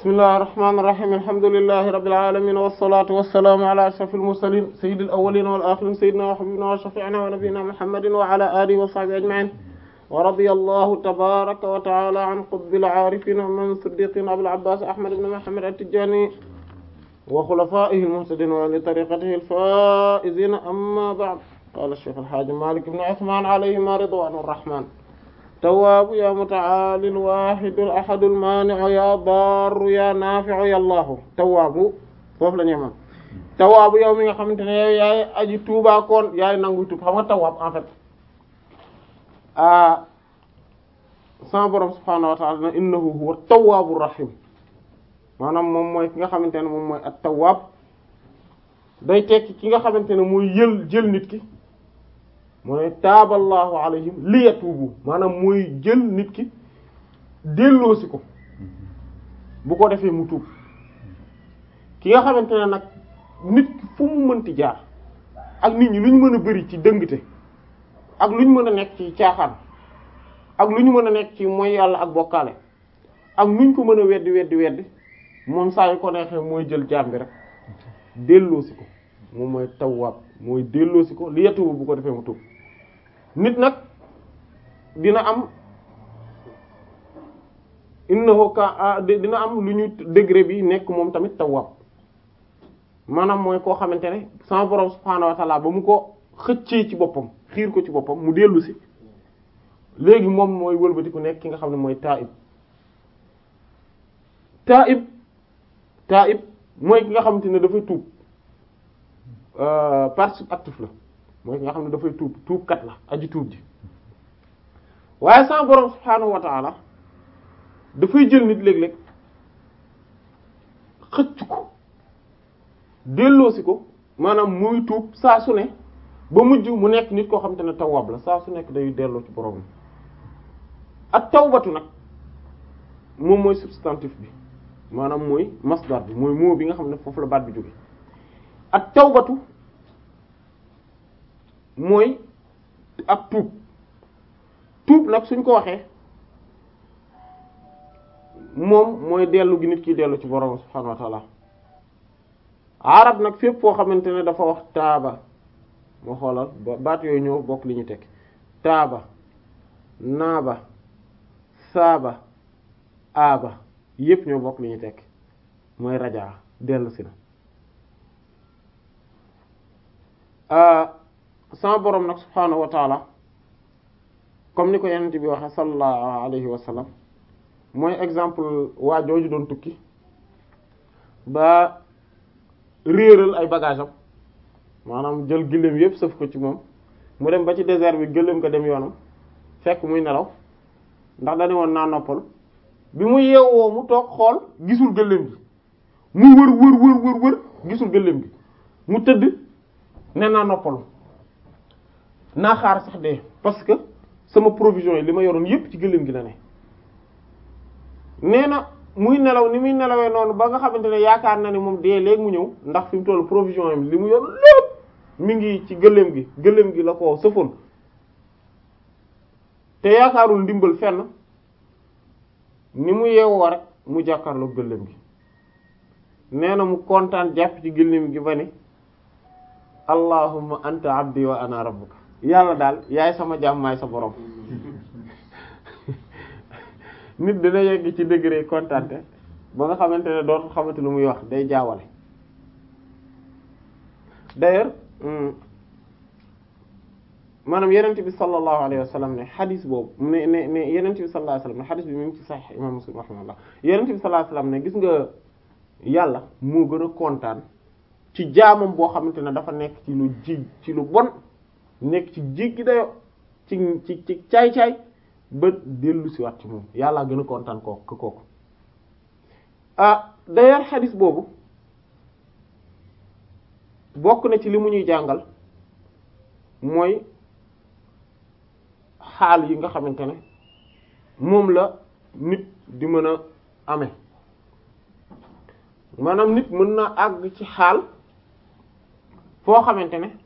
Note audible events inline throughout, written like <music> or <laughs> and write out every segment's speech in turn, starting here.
bismillahir rahmanir rahim alhamdulillahi rabbil alamin wassalatu wassalamu ala ashrafil mursalin sayyidil awwalin wal akhirin sayyidina wa habibina wa shafi'ina wa nabiyyina muhammadin wa ala alihi wa sahbihi ajma'in wa radiyallahu tabaraka wa ta'ala an qutbil arifin man siddiqin abul abbas ahmad ibn muhammad at-tijani wa khulafaihi al-muhtadin wa li tariqatihi al-faizin amma ba'd qala ash-shaykh al-hajj malik ibn uthman alayhima ridwanur rahman tawaabu ya muta'aalil waahidul ahadul maani'u ya daaru ya naafi'u ya allahu tawaabu foofu la ñuy mën tawaabu yow mi nga xamante ne yow yaay aji tuubaakoon yaay nangu tuub xam nga tawaab en fait ah sama borom subhaanahu wa ta'aala innahu huwa tawwaabur rahiim maanaam moom mooy ki nga xamante ne moom mooy at tawaab day tekki ki nga xamante ne mooy yël jël nit ki. mu ne taaballahu alayhim li bu maanaam mooy jël nit ki delloosi ko bu ko defee mu tuub ki nga xamante ne nag nit fu mu mënti jaar ak nit ñi lu ñu mën a bëri ci dëngte ak lu ñu mën a nekk ci caaxaan ak lu ñu mën a nekk ci mooy yàlla ak bokkaale ak nuñ ko mën a weddi weddi weddi moom saa yu ko neexee mooy jël jaam bi rek delloosi ko moom mooy tawwaab mooy delloosi ko li yetubu bu ko defee mu tuub nit nag dina am innahu ka dina am lu ñu degré bi nekk moom tamit tawwab maanaam mooy koo xamante ne sama borom subhaanahu wa ba mu ko xëccee ci boppam xiir ko ci boppam mu dellu si léegi moom mooy wëlbatiku nekk ki nga xam ne mooy taib taib taib mooy ki nga xamante ne dafa tuub euh, partie actif la mooy nga xam ne dafay tuub tuubkat la aji tuub ji waaye sa borom subhaanahu wa dafay jël nit léeg-léeg xëcc ko delloosi ko maanaam muy tuub saa su ne ba mujj mu nekk nit koo xam te ne tawwaab la saa su nekk day delloo ci borom ak tawbatu nag moom mooy substantif bi maanaam mooy masdar bi mooy moo bi nga xam ne foofu la baat bi jóge ak tawbatu mooy ab tuub tuub nag suñ ko waxee moom mooy dellu gi nit ki dellu ci borom subhaanahu wa ta'ala arab nag fépp foo xamante ne dafa wax taaba moo xoolal baat yooyu ñëw bokk li ñu teg taaba naaba saaba aaba yépp ñoo bokk li ñu tekk mooy rajaa dellusi si na ah, sama borom nag subhaanahu wa taala comme ni ko yonent bi waxee sallallahu alayhi wa sallam mooy exemple waa jooju doon tukki ba réeral ay bagage maanaam jël gëléem yépp sëf ko ci moom mu dem ba ci désert bi gëléem ko dem yoonam fekk muy nelaw ndax dañu woon naa noppal bi mu yeewoo mu toog xool gisul gëléem bi mu wër wër wër wër gisul gëléem gi mu tëdd ne naa noppalu naa xaar sax dee parce que sama provision yi li ma yoroon yépp ci gëléem gi la ne nee na muy nelaw ni muy nelawee noonu ba nga xamante ne yaakaar na ne moom dee léegi mu ñëw ndax fi mu toll provision yi li mu yor lépp mi ngi ci gëléem gi gëléem gi la ko sëfoon te yaakaarul ndimbal fenn ni mu yeewoo rek mu jàkkaarloo gëléem gi nee na mu kontaan jàpp ci gëléem gi ba ne allahumma anta abdi wa ana rabbuka yàlla daal yaay sama jaam maay sa borom nit dina yegg ci degré kontante ba nga xamante ne dootu xamante lu muy wax day jaawale d'ailleurs hmm, maanaam yenent bi sallallahu alayhi wa sallam ne xadis boobu ne ne ne yenent bi sallallahu alayhi wa sallam ne xadis bi mu ngi ci sahih imam muslim rahimahullah yenent bi sallallahu alayhi ne gis nga yàlla moo gën a kontaan ci jaamam boo xamante ne dafa nekk ci lu ji ci lu bon nekk ci jéggi dayo ci ci ci caay-caay ba dellu si ci moom yàllaa gën a kontaan kooku ah d'ailleurs xadis boobu bokk na ci li mu ñuy jàngal mooy xaal yi nga xamante ne moom la nit di mën a ame maanaam nit mën na àgg ci xaal foo xamante ne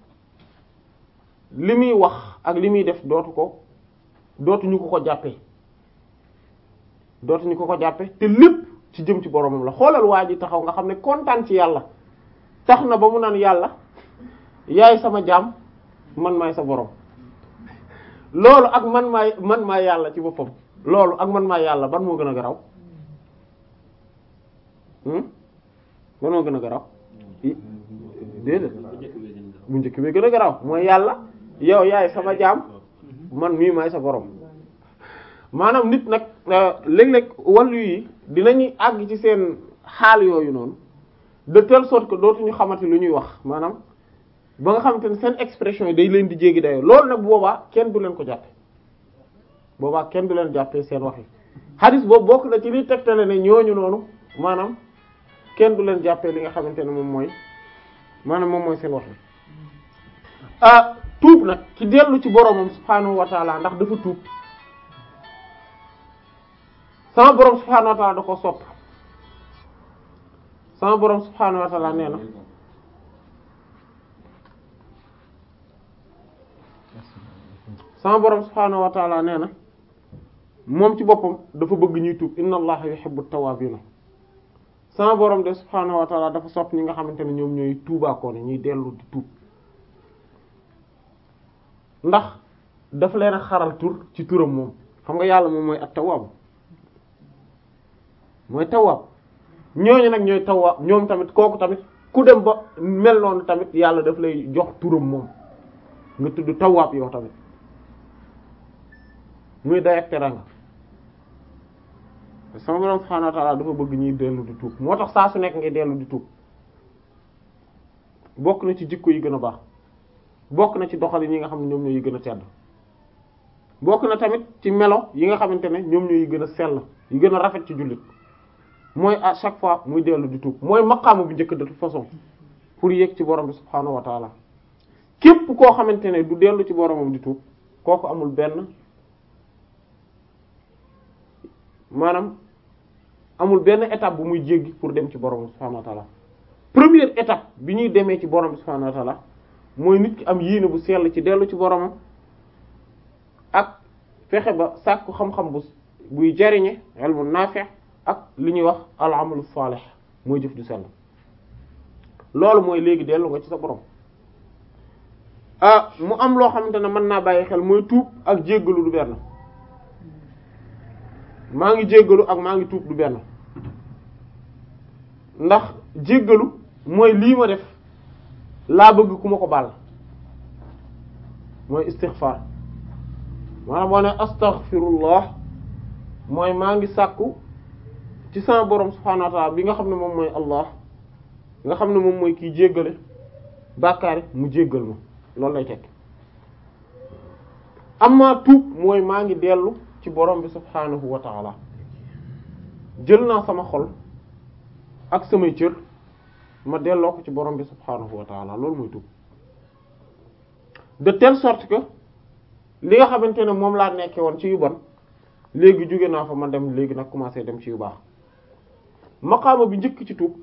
li muy wax ak li muy def dootu ko dootuñu ko ko jàppee dootuñu ko ko jàppee te lépp ci jëm ci boromam la xoolal waa ji taxaw nga xam ne kontaan ci yàlla sax na ba mu naan yàlla yaay sama jaam man maay sa borom loolu ak man maay man maay yàlla ci boppam loolu ak man maay yàlla ban moo gën a garaw hmm? ban moo gën a garaw mu njëkk bi gën a garaw mooy yàlla yow yaay sama jaam oh. mhm. man mii maay sa borom maanaam nit nag euh, léeg-léeg wàllu yi dina ñuy àgg ci seen xaal yooyu noonu de telle sorte que dootuñu xamante lu ñuy wax maanaam ba nga xamante ne seen expression yi day leen di jéggi dayoo loolu nag boobaa kenn du leen ko jàppe boobaa kenn du leen jàppe seen wax yi xadis boobu bokk na ci liy tegtale ne ñooñu noonu maanaam kenn du leen jàppee li nga xamante ne moom mooy maanaam moom mooy seen wax yi mhm. euh, tuub nag ci dellu ci boromam subhaanahu wa ndax dafa tuub sama borom subhaanahu wa taala da ko sopp sama borom nee na moom ci boppam dafa bëgg ñuy tuub inna allaha yuhibbu tawaabiina sama borom de subhaanahu wa taala dafa sopp ñi nga xamante ne ñoom ñooy tuubaakoone ñuy dellu di tuub ndax daf leen a xaral tur ci turam moom xam nga yàlla moom mooy ak tawaabu mooy tawaab ñooñu nag ñooy tawaab ñoom tamit kooku tamit ku dem ba mel noonu tamit yàlla daf lay jox turam moom nga tudd tawaab yow tamit muy day ak teranga sama borom subhanahu dafa bëgg ñuy dellu di tuub moo tax saa su nekk ngay dellu di tuub bokk na ci jikko yi gën a baax bokk na ci doxalin yi nga xam ne ñoom ñooy gën a tedd bokk na tamit ci melo yi nga xamante ne ñoom ñooy gën a sell yi gën a rafet ci jullit mooy à chaque fois muy dellu di tuub mooy maqaamu bu njëkk de toute façon pour yegg ci borom bi subhaanahu wa képp koo xamante ne du dellu ci boromam di tuub kooku amul benn maanaam amul benn étape bu muy jéggi pour dem ci borom bi subhaanahu wa taala première étape bi ñuy demee ci borom bi subhaanahu wa mooy nit ki am yéene bu sell ci dellu ci boromam ak fexe ba sàkku xam-xam bu buy jariñe ilmu naafi' ak li ñuy wax al amalu mooy jëf du sell loolu mooy léegi dellu nga ci sa borom ah mu am loo xamante ne mën naa bàyyi xel mooy tuub ak jéggalu du benn maa ngi jéggalu ak maa ngi tuub du benn ndax jéggalu mooy lii ma def laa bëgg ku ma ko baal mooy istighfar maanaam boo ne astaghfirullah mooy maa ngi sàkku ci sama borom subhanahu wa bi nga xam ne moom mooy Allah nga xam ne moom mooy kiy jéggale bàkkaar mu jéggal ma loolu lay tekk amma tuub mooy maa ngi dellu ci borom bi subhanahu wa ta'ala jël naa sama xol ak samay cër ma delloo ko ci borom bi subhaanahu wa taala loolu mooy tuub de tell sorte que li nga xamante ne moom laa nekkee woon ci yu bon léegi jóge naa fa ma dem léegi nag commencé dem ci yu baax maqaama bi njëkk ci tuub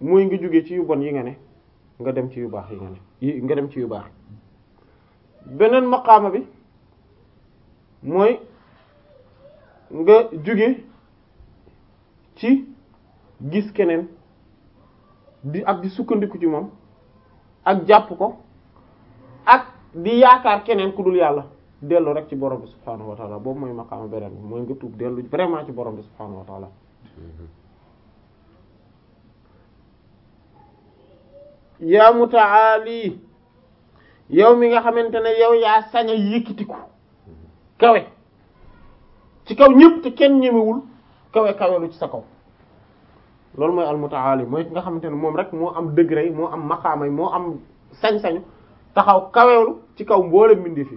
mooy nga jóge ci yu bon yi nga ne nga dem ci yu baax yi nga ne yi nga dem ci yu baax beneen maqaama bi mooy nga jóge ci gis keneen di ak di sukkandiku ci moom ak jàpp ko ak di yaakaar keneen ku dul yàlla dellu rek ci borom bi subhaanahu wa taala boobu mooy maqaama beneen mooy nga tuub dellu vraiment ci borom bi subhaanahu wa taala yaa mutaali yow mi nga xamante ne yow yaa sañ a yëkkitiku kawe ci kaw ñépp te kenn ñemewul kawe kawe ci sa kaw loolu mooy almutaali mooy ki nga xamante ne moom rek moo am degré moo am maqaamay moo am sañ-sañu taxaw kaweelu ci kaw mboolem mbindi fi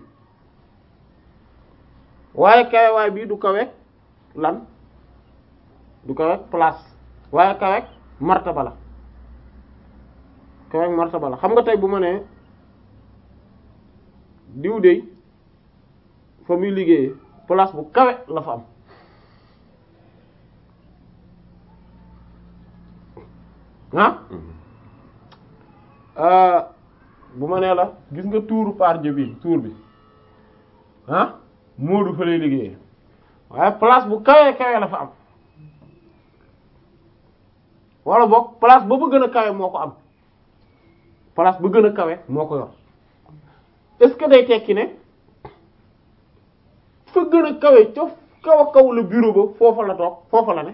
waaye kawewaay bii du kaweek lan du kaweek place waaye kaweek martaba la kaweek martaba la xam nga tey bu ma nee diw dey fa muy liggéeyee place bu kawe la fa am ah mm-hmm. euh, bu ma nee la gis nga tuuru Pardieu bi tuur bi ah Moodu fa lay liggéeyee waaye place bu kawe kawe la fa am walla boo place ba ba gën a kawe moo ko am place ba gën a kawe moo ko yor est-ce que day tekki ne fa gën a kawe ca kaw a kaw la bureau ba foofa la toog foofa la ne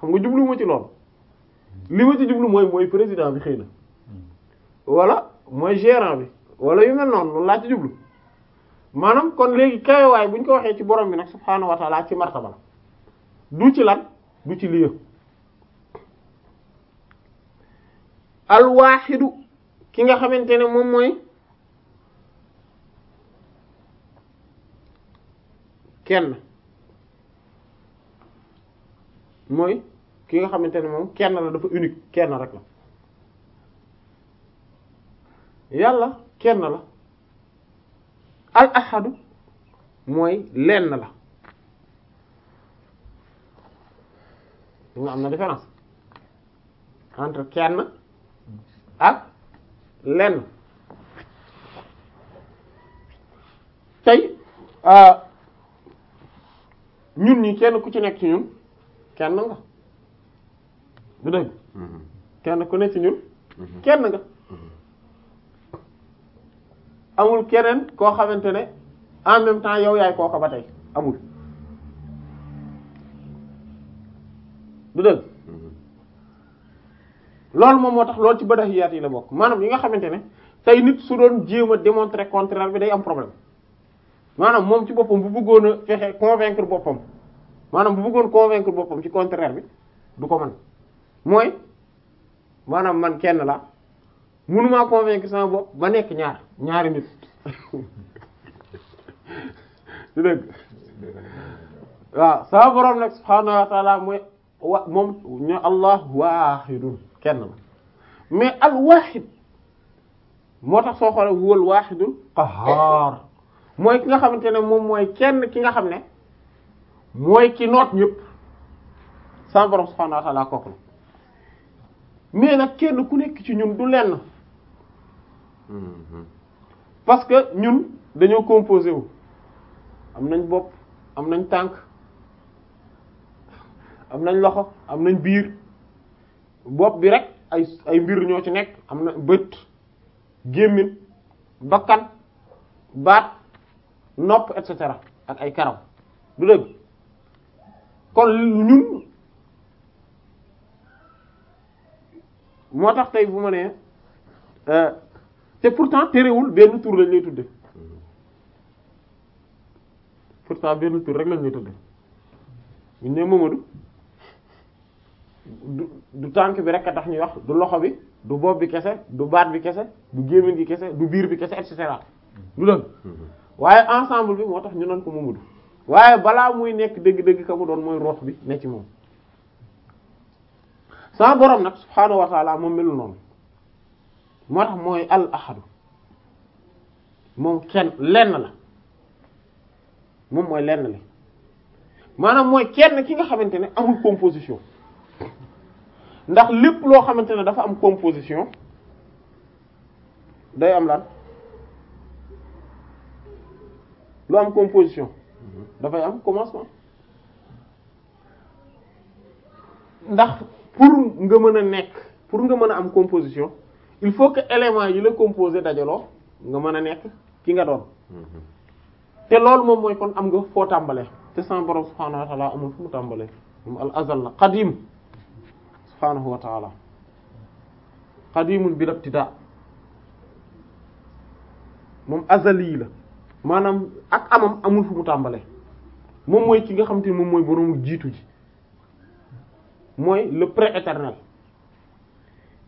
xam nga jubluwuma ci loolu. lii ma ci jublu mooy mooy président bi xëy na wala mooy gerant bi wala yu mel noonu loolu laa ci jublu maanaam kon léegi kawewaay bu ñu ko waxee ci borom bi nag subhaanahu wa ci martaba la du ci lan du ci lieu alwaaxidu ki nga xamante ne moom mooy kenn mooy ki nga xamante ne moom kenn la dafa unique kenn rek la yàlla kenn la al ahadu mooy lenn la nga am na différence entre kenn ak lenn tey euh, ñun ñi kenn ku ci nekk ci ñun kenn nga du dëgg mm-hmm. kenn ku ne ci ñun mm-hmm. kenn nga mm-hmm. amul keneen koo xamante ne en même temps yow yaay kooka ba tey amul du dëgg loolu moom moo tax lool ci badahiyaat yi la bokk maanaam yi nga xamante ne tey nit su doon jéem a démontrer contraire bi day am problème maanaam moom ci boppam bu bëggoon a fexe convaincre boppam maanaam bu buggoon convaincre boppam ci contraire bi du ko mën mooy maanaam man kenn la mënumaa convaincre sama bopp ba nekk ñaar ñaari nit du <laughs> dëgg waaw sama borom nag subhaanahu wa mooy wa moom ñu allah waahidun kenn la mais al waahid moo tax soo xoolee wóol waahidun mooy ki nga xamante ne moom mooy kenn ki nga xam ne mooy ki noot ñëpp sama borom subhaanahu wa ta'ala kooku la mais nag kenn ku nekk ci ñun du lenn mhm. parce que ñun dañoo composé wu am nañ bopp am nañ tànk am nañ loxo am nañ biir bopp bi rek ay ay mbir ñoo ci nekk am na bët gémmin bakkan baat nopp et cetera ak ay karaw du dëgg kon ñun moo tax tey bu ma nee euh, te pourtant terewul benn tur lañ lay tudde pourtant benn tur rek lañ lay tudde bu ñu nee du du tànk bi rek a tax ñuy wax du loxo bi du bopp bi kese du baat bi kese du gémmin gi kese du biir bi kese et cetera du dëgg waaye ensemble bi moo tax ñu naan ko Mamadou waaye balaa muy nekk dëgg-dëgg ka mu doon mooy root bi ne ci moom sa borom nag subhaanahu wa moom melul noonu moo mooy al ahadu moom kenn lenn la moom mooy lenn li maanaam mooy kenn ki nga xamante ne amul composition ndax lépp loo xamante ne dafa am composition day am lan lu am composition dafay am commencement ndax pour nga mën a nekk pour nga mën a am composition il faut que élément yi la composé dajaloo nga mën a nekk ki nga doon mhm. te loolu moom mooy kon am nga foo tàmbalee te sama borom subhaanahu wa taala amul fu mu tàmbalee moom al azal la qadim subhaanahu wa taala qadimun bil ibtidaa moom azali la maanaam ak amam amul fu mu tàmbalee moom mooy ki nga xam te ne moom mooy borom jiitu ji mooy le pré-éternel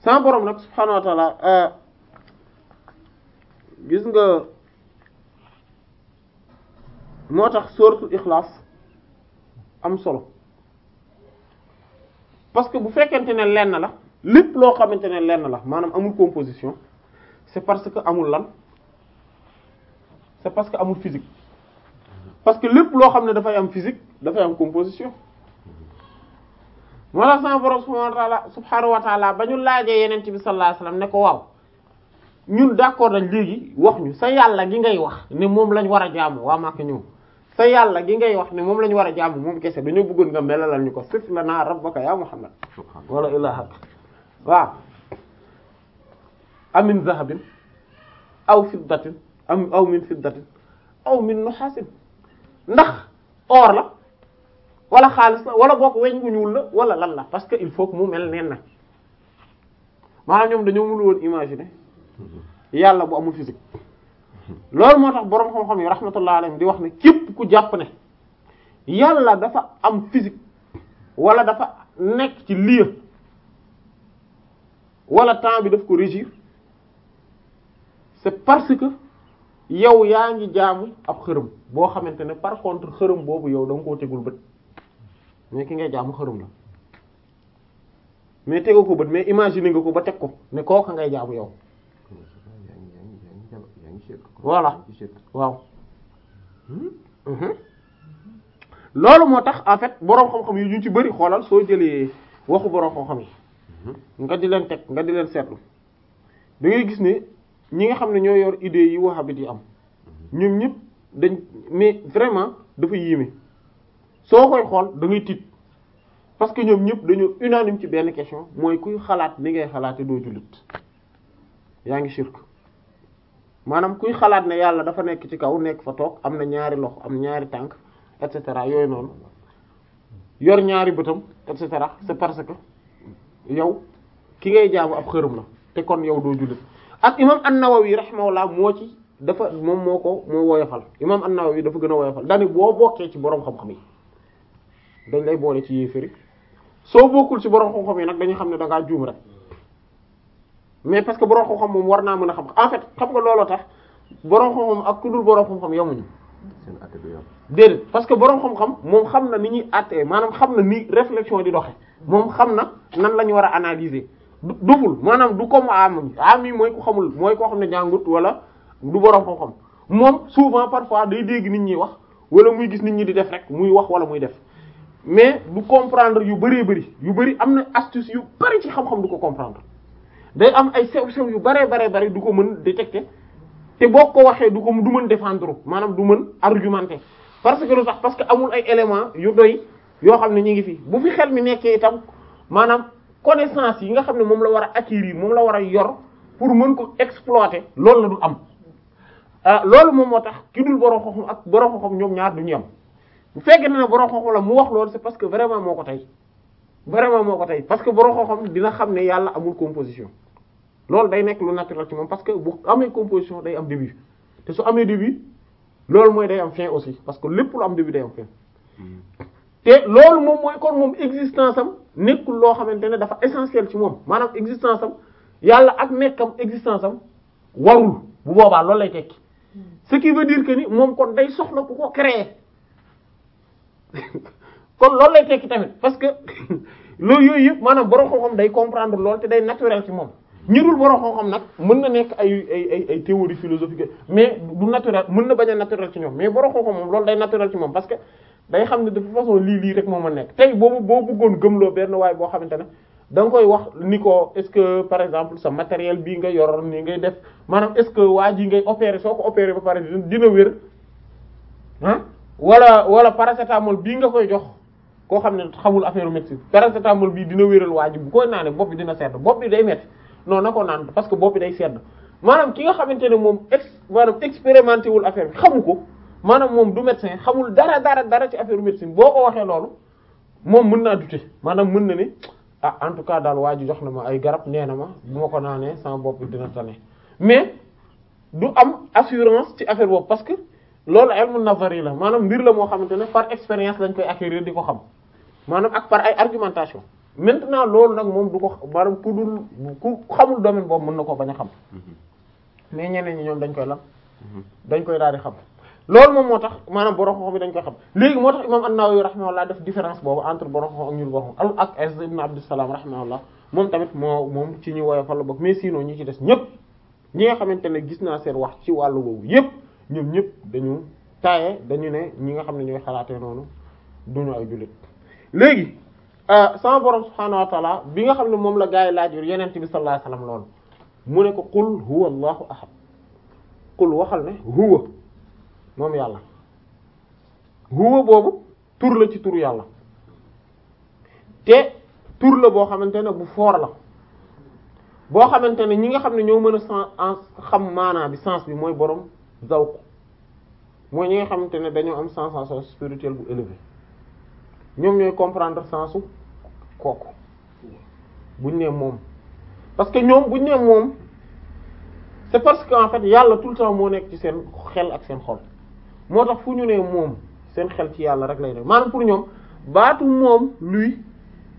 sans borom nag subhaanahu wa euh, gis nga moo tax sóoratul ixlaas am solo parce que bu fekkente ne lenn la lépp loo xamante ne lenn la maanaam amul composition c'est parce que amul lan c'est parce que amul physique parce que lépp loo xam ne dafay am physique dafay am composition moo tax sama borom subhaanahu wa taala ba ñu laajee yeneen bi sallallahu alayhi wasallam ne ko waaw ñun d'accord nañ léegi wax ñu sa yàlla gi ngay wax ne moom lañu war a jàmm waa maa ko ñëw sa yàlla gi ngay wax ne moom lañ war a jaamu moom kese dañoo bëggoon nga melalal ñu ko sif lana rabbaka ya muhammad wala ilaha waaw amin zahabin aw fiddatin am aw min fiddatin aw min nuhaasin ndax or la wala xaalis la wala bokk weñ gu ñuul la wala lan la parce que il faut mu mel neen na maanaam ñoom dañoo mënul woon imaginer yàlla bu amul physique loolu moo tax boroom xam-xam yi rahmatullah alayhi di wax na képp ku jàpp ne yàlla dafa am physique wala dafa nekk ci lieu wala temps bi daf ko régir c'est parce que yow yaa ngi jaamu ab xërëm boo xamante ne par contre xërëm boobu yow da nga tegul bët mais ki ngay jaamu xarum la mais tegu ko bët mais imaginer nga ko ba teg ko ne kooka ngay jaamu yow voilà waaw loolu moo tax en fait boroom xam-xam yi ñu ci bari xoolal soo jëlee waxu boroom xam-xam yi nga di leen teg nga di leen seetlu da ngay gis ne ñi nga xam ne ñoo yor idée yi wahhabite yi am ñoom ñëpp dañ mais vraiment dafa yéeme soo koy xool da tiit parce que ñoom ñëpp dañoo unanime ci benn question mooy kuy xalaat ni ngay xalaate doo jullit yaa ngi shirk maanaam kuy xalaat ne yàlla dafa nekk ci kaw nekk fa toog am na ñaari loxo am ñaari tànk et cetera yooyu noonu yor ñaari bëtam et cetera c'est parce que yow ki ngay jaamu ab xërëm na te kon yow doo jullit ak imam an-Nawawi rahimahullah moo ci dafa moom moo ko moo woyofal imam an yi dafa gën a woyofal daani boo bokkee ci boroom xam yi dañ lay boole ci yéeféri soo bokkul ci borom xom xom yi nag dañu xam ne da ngaa juum rek mais parce que borom xam-xam moom war naa mën a xam en fait xam nga looloo tax borom xam-xam ak ku dul borom parce que borom xam moom xam na ni ñuy àttee maanaam xam na ni réflexion di doxee moom xam na nan la ñu war a analyser du duful maanaam du comme am am mooy ku xamul mooy koo xam ne jàngut wala du borom xam-xam moom souvent parfois day dégg nit ñi wax wala muy gis nit ñi di def rek muy wax wala muy def. mais du comprendre yu bëree bëri yu bëri am na astuce yu bëri ci xam-xam du ko comprendre day am ay sew-sew yu baree baree bëri du ko mën détecter te boo ko waxee du ko du mën défendre maanaam du mën argumenter parce que lu tax parce que amul ay éléments yu doy yoo xam ne ñu ngi fi bu fi xel mi nekkee itam maanaam connaissance yi nga xam ne moom la war a acquérir moom la war a yor pour mën ko exploiter loolu la du am ah, loolu moom moo tax ki dul borom xam ak borom xam-xam ñaar du ñu am. bu fekkee ne borom boro xam la mu wax loolu c'est parce que vraiment moo ko tey vraiment moo ko tey parce que borom xam dina xam ne yàlla amul composition loolu day nekk lu naturel ci moom parce que bu amee composition day am début te su amee début loolu mooy day am fin aussi parce que lépp lu am début day am fin hmm. te loolu moom mooy kon moom existence am nekkul loo xamante ne dafa essentiel ci moom maanaam existence am yàlla ak nekkam existence am warul bu boobaa loolu lay tekki hmm. ce qui que ni moom kon day soxla ku ko créer kon loolu lay tekki tamit parce que loolu <coughs> yooyu yëpp maanaam borom xam day comprendre lool te day naturel ci moom ñu dul borom xam nag mën na nekk ay ay ay ay mais du naturel mën na bañ a naturel ci ñoom mais borom xam-xam moom loolu day naturel ci moom parce que day xam ne de façon lii lii rek moo ma nekk tey boobu boo bëggoon gëmloo benn waaye boo xamante ne danga nga koy wax ni ko est-ce que par exemple sa matériel bii nga yoroon nii ngay def maanaam est-ce que waa ji ngay opérer soo ko opérer ba pare wala wala paracétamol bii nga koy jox koo xam ne xamul affaire médecine paracétamol bii dina wéral waa ji bu koy naanee bopp bi dina sedd bopp bi day metti non na ko naan parce que bopp bi day sedd maanaam ki nga xamante ne moom ex maanaam expérimenté wul affaire bi xamu ko maanaam moom du médecin xamul dara dara dara ci affaire médecine boo ko waxee loolu moom mën naa dute maanaam mën na ne ah en tout cas daal waa ji jox na ma ay garab nee na ma bu ma ko naanee sama dina tane mais du am assurance ci affaire boobu parce que loolu ilmu nazar yi la maanaam mbir la moo xamante ne par expérience lañ koy acquérir di ko xam maanaam ak par ay argumentation maintenant loolu nag moom du ko maanaam ku dul ku xamul domaine boobu mën na ko bañ a xam mhm. mais ñeneen ñi ñoom dañ koy lan mhm. dañ koy daal di xam loolu moom moo tax maanaam borom xam-xam yi dañ koy xam léegi moo tax imam an-Nawawi rahimahullah def différence boobu entre borom xam ak ñun borom xam ak as ibn Abdussalam rahimahullah moom tamit moo moom ci ñu woyofal la bokk mais sinon ñu ci des ñëpp ñi nga xamante ne gis naa seen wax ci wàllu boobu yëpp ñoom ñëpp dañu taaye dañu ne ñi nga xam ne ñooy xalaatee noonu duñu ay jullit léegi euh, sama borom subhaanahu wa bi nga xam ne moom la gaa yi laaj yenent bi sallallahu alayhi wasallam loolu mu ne ko qul huwa allahu ahad qul waxal ne huwa moom yàlla huwa boobu tur la ci tur yàlla te tur la boo xamante ne bu foor la boo xamante ne ñi nga xam ne ñoo mën a sen xam maanaa bi sens bi mooy borom zawq mooy ñu nga xamante ne dañoo am sensation spirituelle bu élevée ñoom ñooy comprendre sensu kooku buñ nee moom parce que ñoom buñ nee moom c'est parce que en fait yàlla tout le temps moo nekk ci seen xel ak seen xol moo tax fu ñu nee moom seen xel ci yàlla rek lay def maanaam pour ñoom baatu moom luy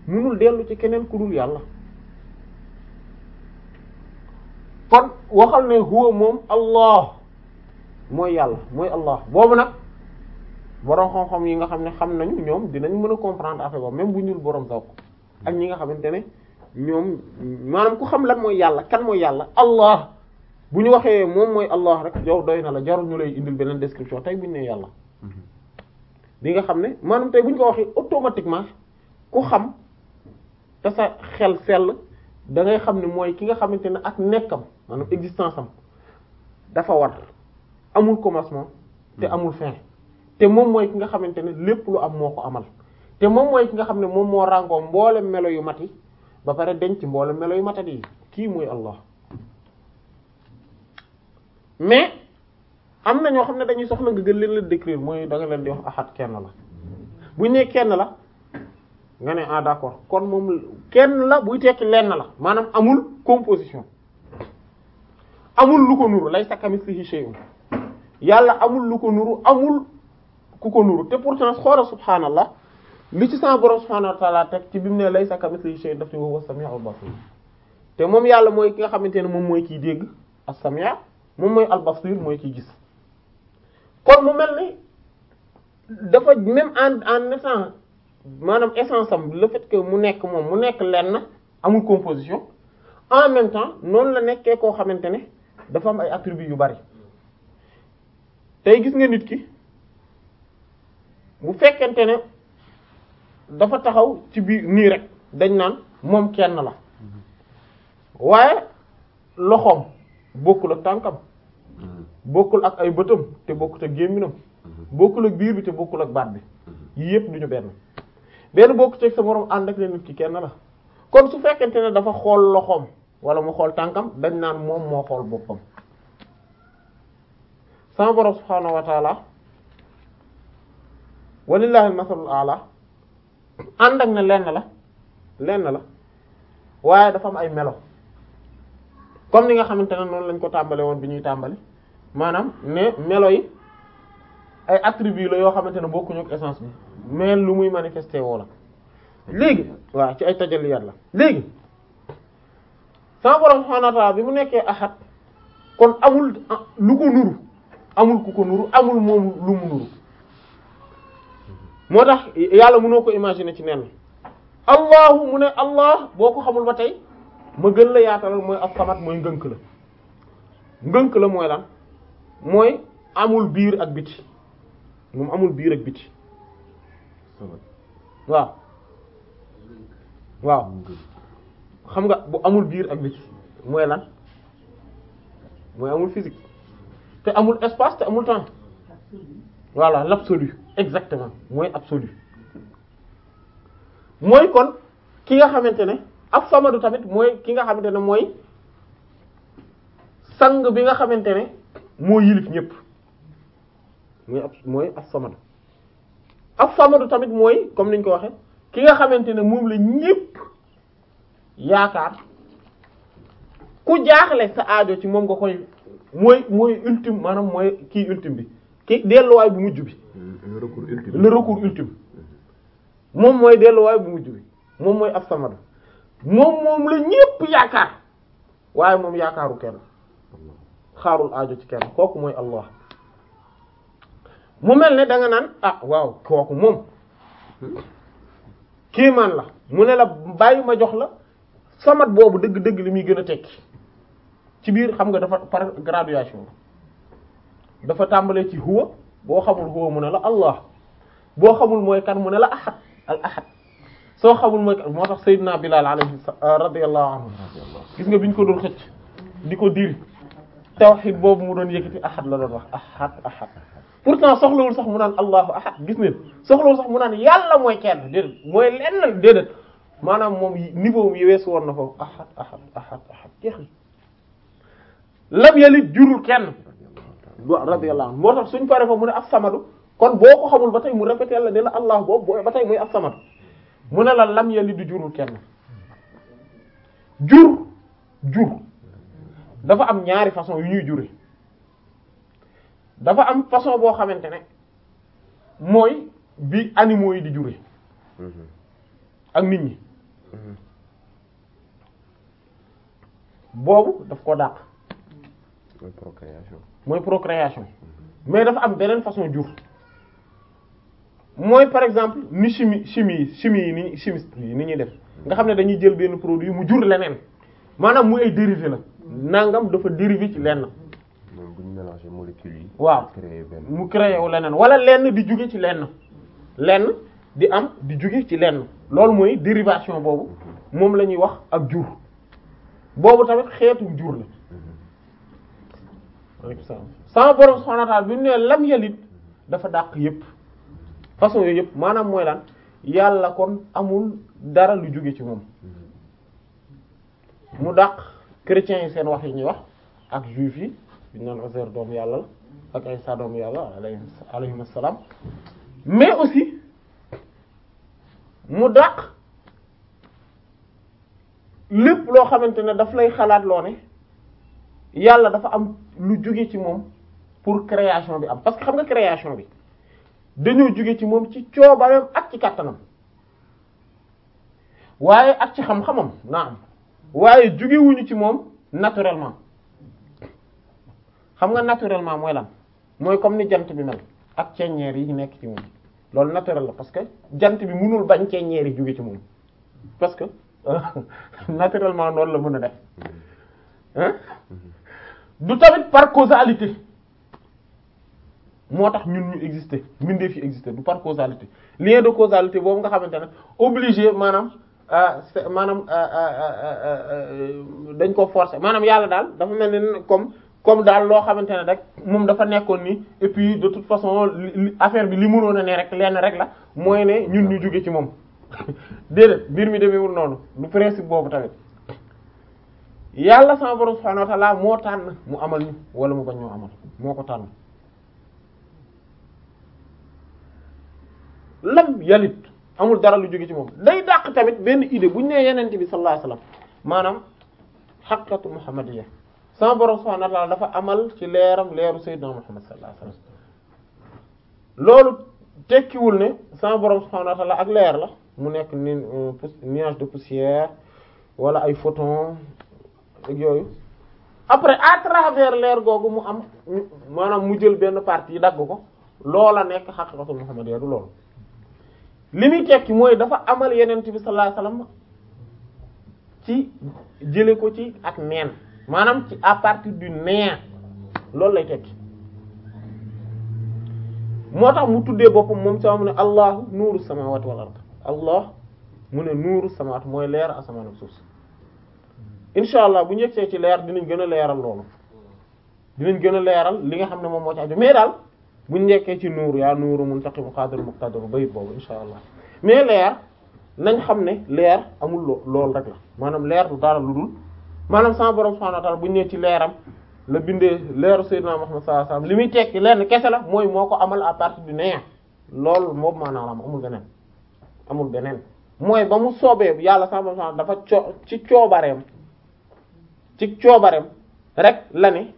mënul dellu ci keneen ku dul yàlla kon waxal ne huwa moom allah mooy yàlla mooy allah boobu nag borom xam-xam yi nga xam ne xam nañu ñoom dinañ mën a comprendre affaire boobu même bu ñul borom saw ak ñi nga xamante ne ñoom maanaam ku xam lan mooy yàlla kan mooy yàlla allah bu ñu waxee moom mooy allah rek yow doy na la jarul ñu lay indil beneen description tey bu ñu nee di nga xam ne maanaam tey bu ñu ko waxee automatiquement ku xam te sa xel sell da xam ne mooy ki nga xamante ne ak nekkam maanaam existence am dafa war amul commencement te hmm. amul fin te moom mooy ki nga xamante ne lépp lu am moo ko amal te moom mooy ki nga xam ne moom moo ràngoo mboole melo yu mat yi ba pare denc mboole melo yu matadi yi kii mooy Allah mais am na ñoo xam ne dañuy soxla nga gën leen la décrire mooy da nga leen di wax ahad kenn la bu ñu nee kenn la nga ne ah d'accord kon moom kenn la buy tekki lenn la maanaam amul composition amul lu ko nuru laysa kamislihi shay'un yàlla amul lu ko nuru amul ku ko nuru te pourtant xoolal subhaanallah li ci sama borom subhaanahu wa ta'ala teg ci bi mu ne laysa kamithlihi shay'un daf ne wa huwa as-sami'ul basir te moom yàlla mooy ki nga xamante ne moom mooy kiy dégg as-sami' moom mooy al-basir mooy kiy gis kon mu mel ni dafa même en en essence maanaam essence am le fait que mu nekk moom mu nekk lenn amul composition en même temps noonu la nekkee koo xamante ne dafa am ay attributs yu bari tey gis nga nit ki bu fekkente ne dafa taxaw ci biir nii rek dañ naan moom kenn la waaye loxoom bokkul ak tànkam bokkul ak ay bëtam te bokkul ak gémminam bokkul ak biir bi te bokkul ak baat bi yii yépp duñu benn benn bokkut ak sa moroom ànd ak ne nit ki kenn la kon su fekkente ne dafa xool loxoom wala mu xool tànkam dañ naan moom moo xool boppam sama borom subhaanahu wa taala walillahi al-masalul a'la ànd ak ne lenn la lenn la waaye dafa am ay melo comme ni nga xamante ne noonu lañ ko tàmbalee woon bi ñuy tàmbali maanaam ne melo yi ay attributs la yoo xamante ne bokkuñu ak essence bi mais lu muy manifesté woo la léegi waaw ci ay tajalliyaat la léegi sama borom subhaanahu wa bi mu nekkee ahad kon amul lu ko nuru amul ku ko nuru amul moom lu mu nuru moo tax yàlla mënoo ko imaginer ci nen allahu mu ne allah boo ko xamul ba tey ma gën la yaatalal mooy as-samat mooy ngënk la ngënk la mooy lan mooy amul biir ak biti moom amul biir ak biti waaw xam nga bu amul biir ak biti mooy lan mooy amul physique te amul espace te amul temps voilà l'absolu exactement mooy absolu mooy kon ki nga xamante ne ab samadu tamit mooy ki nga xamante ne mooy sang bi nga xamante ne moo yilif ñépp mooy ab mooy ak samadu ak samadu tamit mooy comme niñ ko waxee ki nga xamante ne moom la ñépp yaakaar ku jaaxle sa aajo ci moom nga koy mooy mooy ultime maanaam mooy kii ultime bi kii delluwaay bu mujj bi. le recours moom mooy delluwaay bu mujj bi moom mooy ab samad moom moom la ñépp yaakaar waaye moom yaakaaru kenn xaarul aajo ci kenn kooku mooy Allah mu mel ni danga naan ah waaw kooku moom kéemaan la mu ne la bàyyi ma jox la samad boobu dëgg-dëgg li muy gën a tekki. ci biir xam nga dafa par graduation dafa tàmbalee ci huwa boo xamul huwa mu ne la allah boo xamul mooy kan mu ne la ahad al ahad soo xamul mooy kan moo tax Seydina Bilal alayhi euh, radiyallahu anhu gis nga bi ko doon xëcc di ko diri tawhid boobu mu doon yëkkati ahad la doon wax ahad ahad pourtant soxlawul sax mu naan allahu ahad gis ngeen soxlawul sax mu naan yàlla mooy kenn déedéet mooy lenn déedéet maanaam moom niveau yi weesu woon na foofu ahad lam yalit jurul kenn radiyallahu anhu moo tax suñ pare fa mu ne as-samadu kon boo ko xamul ba tey mu répété la ne la allah boobu ba tey muy as-samadu mu ne la lam yalit du jurul kenn jur jur dafa am ñaari façon yu ñuy jure dafa am façon boo xamante ne mooy bi animaux yi di jure ak nit ñi mm-hmm. boobu daf ko dàq mooy procréation. mooy procréation mm-hmm. mais dafa am beneen façon jur mooy par exemple ni chimie chimie chimie yi ni chimiste yi ni ñuy def nga xam ne dañuy jël benn produit mu jur leneen maanaam mu ay dérivé la nangam dafa dérivé ci lenn. moom bu ñu mélangé molécules yi. waaw mu créé wu leneen wala lenn di juge ci lenn lenn di am di juge ci lenn loolu mooy dérivation boobu mm-hmm. moom la ñuy wax ak jur boobu tamit xeetu jur la. alaykum salaam sama borom subhaanahu wa ne lam dafa dàq yépp façon yooyu yépp maanaam mooy lan yàlla kon amul dara lu jóge ci moom mu dàq chrétiens yi seen wax yi ñuy wax ak juifs yi ñu naan doomu yàlla la ak Isa doomu yàlla alayhim assalaam mais aussi mu dàq lépp loo xamante ne daf lay xalaat loo ne yàlla dafa am lu jóge ci moom pour création bi am parce que xam nga création bi dañoo jóge ci moom ci coobareem ak ci kàttanam waaye ak ci xam-xamam na am waaye jógewuñu ci moom naturellement xam nga naturellement mooy lan mooy comme ni jant bi mel ak ceñeer yi nekk ci moom loolu naturel la parce que jant bi munul bañ ceññeer yi jóge ci moom parce que <laughs> naturellement noonu la mën a def du tamit par causalité moo tax ñun ñu exister mbindee fi exister du par causalité lien de causalité boobu nga xamante ne obligé maanaam euh, maanaam euh, euh, dañ ko forcer maanaam yàlla daal dafa mel ni comme comme daal loo xamante ne rek moom dafa nekkoon ni et puis de toute façon affaire bi li mënoon a ne rek lenn rek la mooy ne ñun ñu jóge ci moom <laughs> déedéet mbir mi demeewul noonu du principe boobu tamit. yàlla sama borom subhanahu wa ta'ala moo tànn mu amal ñu wala mu bañ ñoo amal moo ko tànn lam yalit amul dara lu jóge ci moom day dàq tamit benn idée bu ñu nee yeneen bi sallallahu alayhi wasallam maanaam xaqiqatu muhammadiyya sama borom subhanahu wa dafa amal ci leeram leeru sayyidina muhammad sallallahu alayhi wasallam loolu tekkiwul ne sama borom subhanahu wa ak leer la mu nekk ni euh, nuage de poussière wala ay photons ak yooyu après à travers leer googu mu am maanaam mu jël benn partie dagg ko loola nekk xaqiqatul muhammadiyya du loolu li muy tekki mooy dafa amal yeneen bi sallallahu alayhi ci jële ko ci ak neen maanaam ci à partir du neen loolu lay tekki moo tax mu tuddee boppam moom sama mu ne allahu nuuru samawati wal ard allah mu ne nuuru samawati mooy leer asamaan ak suuf si incha allah bu ñu yegsee ci leer dinañ gën a leeral loolu dinañ gën a leeral li nga xam ne moom moo ci aju mais daal bu ñu yeggee ci nuur yaa nuuru muntaqim qadir muqtadir bayit boobu incha allah mais leer nañ xam ne leer amul loo loolu rek la maanaam leer du dara lu dul maanaam sama borom subhanahu wa bu ñu ci leeram la bindee leeru sayyidina Muhammad sallallahu alayhi wasallam li muy tekki lenn kese la mooy moo ko amal à partir du néant lool moom maanaam amul beneen amul beneen mooy ba mu soobee yàlla sama borom dafa coo ci coobareem. ci coobareem rek la ne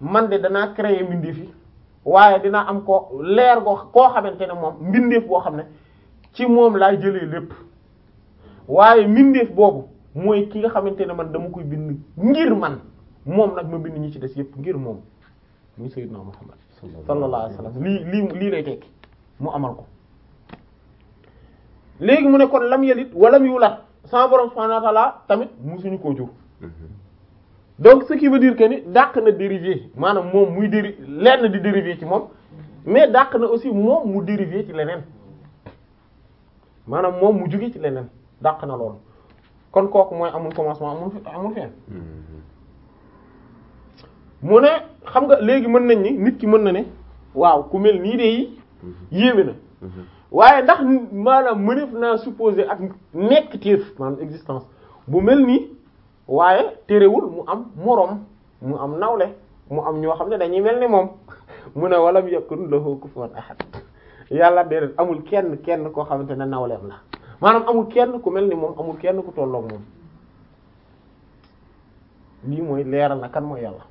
man de danaa créer mbindeef yi waaye dinaa am ko leer go koo xamante ne moom mbindeef boo xam ne ci moom laa jëlee lépp waaye mbindeef boobu mooy ki nga xamante ne man dama koy bind ngir man moom nag ma bind ñi ci des yépp ngir moom muy sayyidna Muhammad sallallahu alayhi wasallam lii lii lii lay tekki mu amal ko léegi mu ne kon lam yalit walam yulat sama borom subhanahu wa ta'ala tamit musuñu koo jur Mm-hmm. donc ce qui veut dire que ni dàq na dérivé maanaam moom muy déri lenn di dérivé ci moom mais dàq na aussi moom mu dérivé ci leneen maanaam moom mu jóge ci leneen dàq na loolu kon kooku mooy amul commencement amul amul fin mm-hmm. mu ne xam nga léegi mën nañ ni nit ki mën na ne waaw ku mel nii de mm-hmm. yéeme na waaye ndax maanaam mënef naa supposé ak nekk téef maanaam existence bu mel nii waaye terewul mu am moroom mu am nawle mu am ñoo xam ne dañuy mel ni moom <laughs> mu ne walam yakun lahu kufuwan ahad yàlla déedéet amul kenn kenn koo xamante ne nawleem la maanaam amul kenn ku mel ni moom amul kenn ku tolloog moom lii mooy leeral na kan mooy yàlla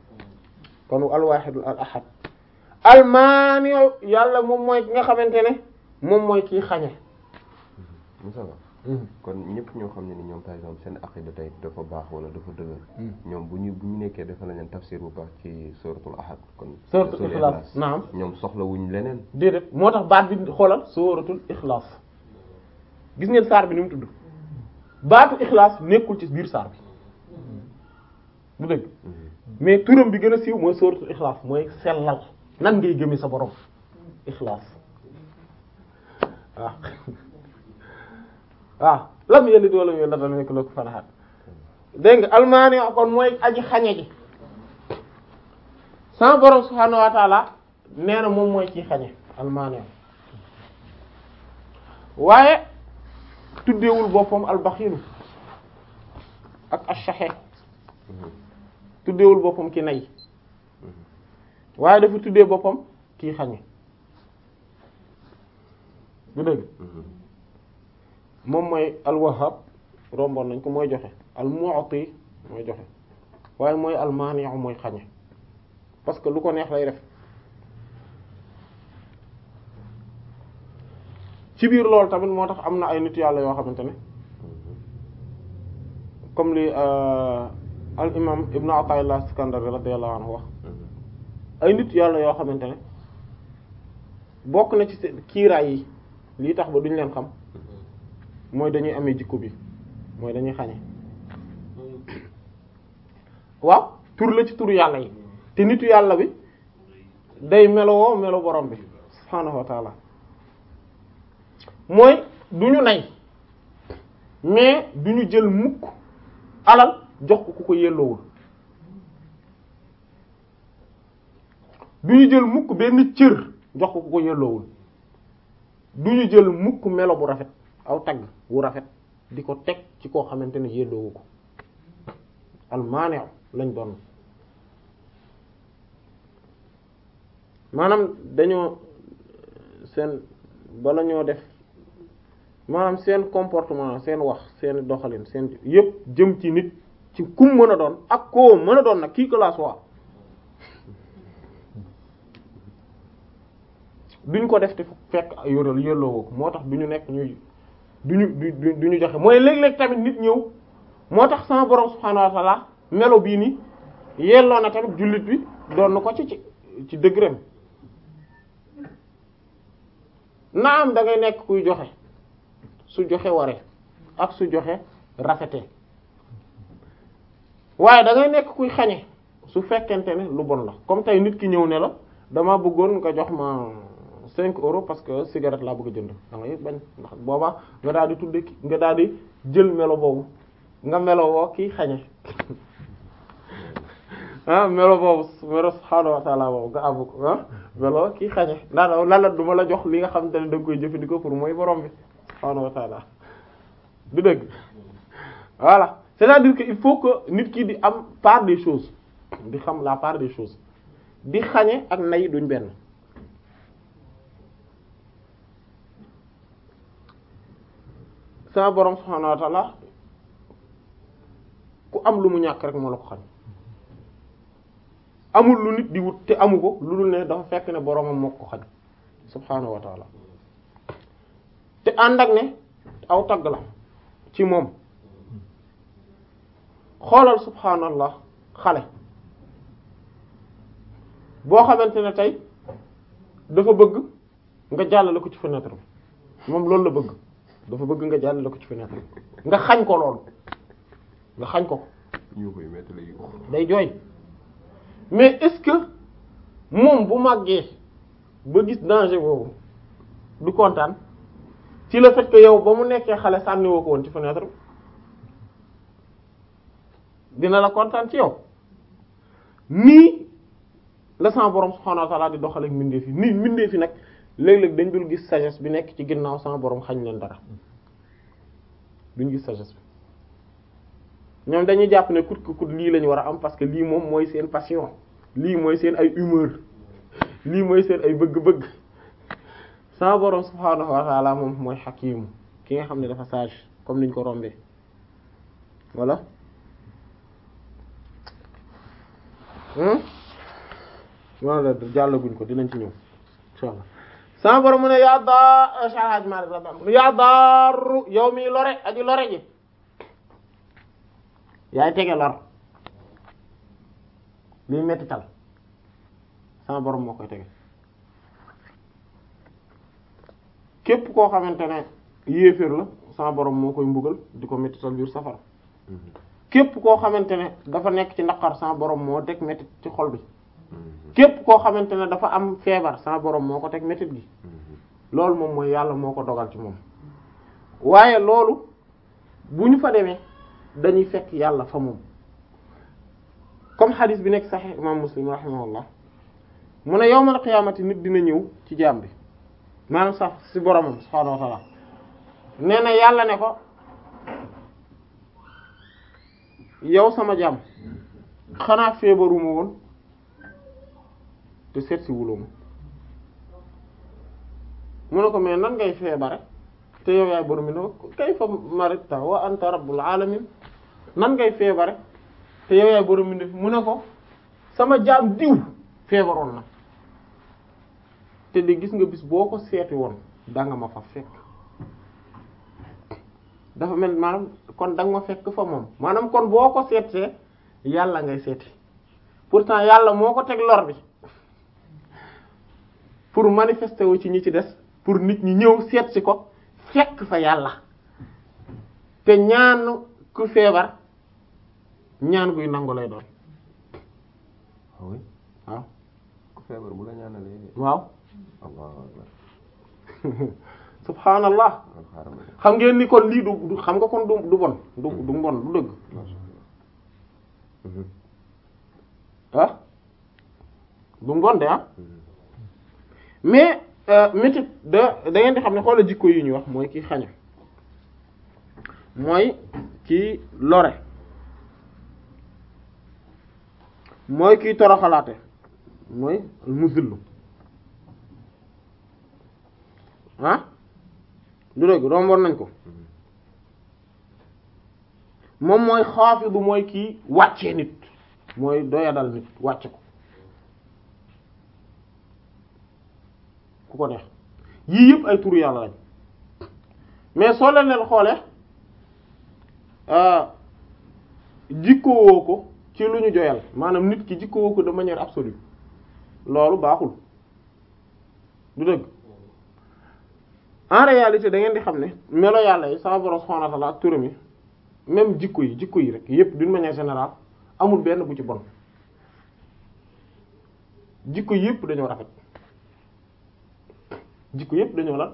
kon al wahidul al ahad al yàlla moom mooy ki nga xamante ne moom mooy kiy xañe mm-hmm. Hmm. kon ñëpp ñoo xam ne ni ñoom par exemple seen aqida tey dafa baax wala dafa dëgër. Hmm. ñoom bu ñu bu ñu nekkee defal nañ leen tafsir bu baax ci suratul ahad kon. suratul ikhlas naam ñoom soxlawuñ leneen. def moo tax baat bi xoolal sooratul ikhlas gis ngeen saar bi ni mu tudd baatu ikhlas nekkul ci biir saar bi du dëgg hmm. mais turam bi gën a siiw mooy suratul ikhlas mooy sellal nan ngay gëmee sa borom ikhlas waaw. waaw lam yalid wa lam yulad wa lam yakul lahu kufuwan ahad kon mooy aji xañe ji sama borom subhaanahu wa moom mooy ci xañe almaani waaye tuddeewul boppam albaxiilu ak ashaxe tuddeewul boppam ki nay waaye dafa tuddee boppam kii xañe du dëgg mm-hmm. moom mooy alwahab romboon nañ ko mooy joxe almu'ti mooy joxe waaye mooy almaani' mooy xañe parce que lu ko neex lay def ci biir lool tamit moo tax am na ay nit yàlla yoo xamante ne comme li euh, al imam ibnu Ata'illah wax ay nit yàlla yoo xamante ne bokk na ci kiiraay yi lii tax ba duñ leen xam mooy dañuy amee jikko bi mooy dañuy xañe <coughs> waaw tur ci tur yàlla yi te nitu yàlla bi day melowoo melo borom bi subhaanahu wa taala mooy du ñu nay mais du ñu jël mukk alal jox ko ku ko ñu jël mukk benn cër jox ko ku ko yelloowul du ñu jël mukk melo bu rafet aw tagg wu rafet di ko teg ci koo xamante ne yelloowu ko almaaneew lañ doon maanaam dañoo seen bala ñoo def maanaam seen comportement seen wax seen doxalin seen yépp jëm ci nit ci kum mën a doon ak koo mën a doon nag kii que la duñ ko def te fekk yoral yelloo ko moo tax duñu nekk ñuy du duñu du du ñu joxe mooy léeg-léeg tamit nit ñëw moo tax sama borom subhaanahu wa ta'ala melo bii nii yelloo na tamit jullit bi doon na ko ci ci ci degré naa am da nekk kuy joxe su joxe ware ak su joxe rafete waaye da nekk kuy xañe su fekkente ne lu bon la comme tey nit ki ñëw ne la dama bëggoon nga jox ma cinq euros parce que cigarette laa bëgg a jënd da ngay bañ ndax boobaa nga daal di tudde nga daal di jël melo boobu nga melo woo kii xañe <laughs> ah melo boobu melo subhaanahu boobu nga abu ko ah, melo kii xañe ndaada lala du ma la jox li nga xam te ne da nga koy jëfandikoo pour mooy borom bi subhaanahu wa du dëgg voilà c'est-à-dire que il faut que nit kii di am part des choses di xam la part des choses di xañe ak nay duñ benn sa boroom subhaanahu wa ku am lu mu ñàkk rek moo la ko xañ amul lu nit di wut te amu ko lu dul ne dafa fekk ne boroomam moo ko xañ subhaanahu te ànd ak ne aw tagg la ci moom xoolal subhaanallah xale boo xamante ne tey dafa bëgg nga jàllale ko ci fenêtre moom loolu la bëgg dafa bëgg nga jàllale ko ci fenêtre nga xañ ko loolu nga xañ ko day jooy mais est-ce que moom bu màggee ba gis danger boobu du kontaan ci la fait que ba mu nekkee xale sànni ko woon ci fenêtre dina la kontaan ci yow nii la sama borom subhanahu wa ta'ala di doxal ak mbindeef yi nii mbindeef yi nag léeg-léeg dañ dul gis sagesse bi nekk ci ginnaaw sama borom xañ leen dara duñ gis sagesse bi ñoom dañuy jàpp ne kut kut lii lañu war a am parce que lii moom mooy seen passion lii mooy seen ay humeur lii mooy seen ay bëgg-bëgg sama borom subhaanahu moom mooy xakiim ki nga xam ne dafa sage comme ni ñu ko rombee voilà wala hmm? jàllaguñ ko dinañ ci ñëw sama borom mu ne yaa daar Hadj la am yaa daaru mi lore aji lore ji yaay tege lor mi metti tal borom moo koy tege képp koo xamante ne yéeféer la sama borom moo koy mbugal di ko metti tal biir safara mhm. képp koo xamante ne dafa nekk ci naqar sama borom moo teg metti ci xol bi képp koo xamante ne dafa am feebar sa borom moo ko teg métit gi loolu moom mooy yàlla moo ko dogal ci moom waaye loolu bu ñu fa demee dañuy fekk yàlla fa moom comme hadith bi nekk sahih imam muslim rahimahullah mu ne yawmal qiyaamati nit dina ñëw ci jaam bi maanaam sax si boromam subhaanahu wa ta'ala nee na yàlla ne ko yow sama jaam xanaa feebaruma woon te seet si wuloo ma mu ne ko mais nan ngay feebare te yow yaay borom bi ngay feebare te mu ne ko sama jaam diw feebaroon na te de gis nga bis boo ko seeti woon danga ma fa fekk dafa mel maanaam kon danga ma fekk fa moom maanaam kon boo ko seetee yàlla ngay seeti pourtant yàlla moo ko teg lor bi pour manifester wu ci ñi ci des pour nit ñi ñëw seet si ko fekk fa yàlla te ñaan ku feebar ñaan guy nangu lay doon ah waaw ku feebar bu la ñaanalee waaw <laughs> subhaanallah xam ni kon lii du xam nga kon du du bon du du mm-hmm. bon du dëgg ah du bon de ah mm-hmm. mais euh, métit da da ngeen di xam ne xoolal jikko yu ñuy wax mooy kii xañu mooy ki lore mooy ki toroxalaate mooy musillu ah du dégg romboon nañ ko moom mooy xaafidu mooy kii wàcce nit mooy doyadal nit wàcce ko ku ko neex yii yëpp ay turu yàlla lañ mais soo leen leen xoolee euh, jikkoowoo ko ci lu ñu joyal maanaam nit ki jikkoowoo ko de manière absolue loolu baaxul du dëgg en réalité da ngeen di xam ne melo yàlla yi sama borom subhanahu wa ta'ala ak turam yi même jikko yi jikko yi rek yëpp d'une manière générale amul benn bu ci bon jikko yëpp dañoo rafet jikko yépp dañoo lan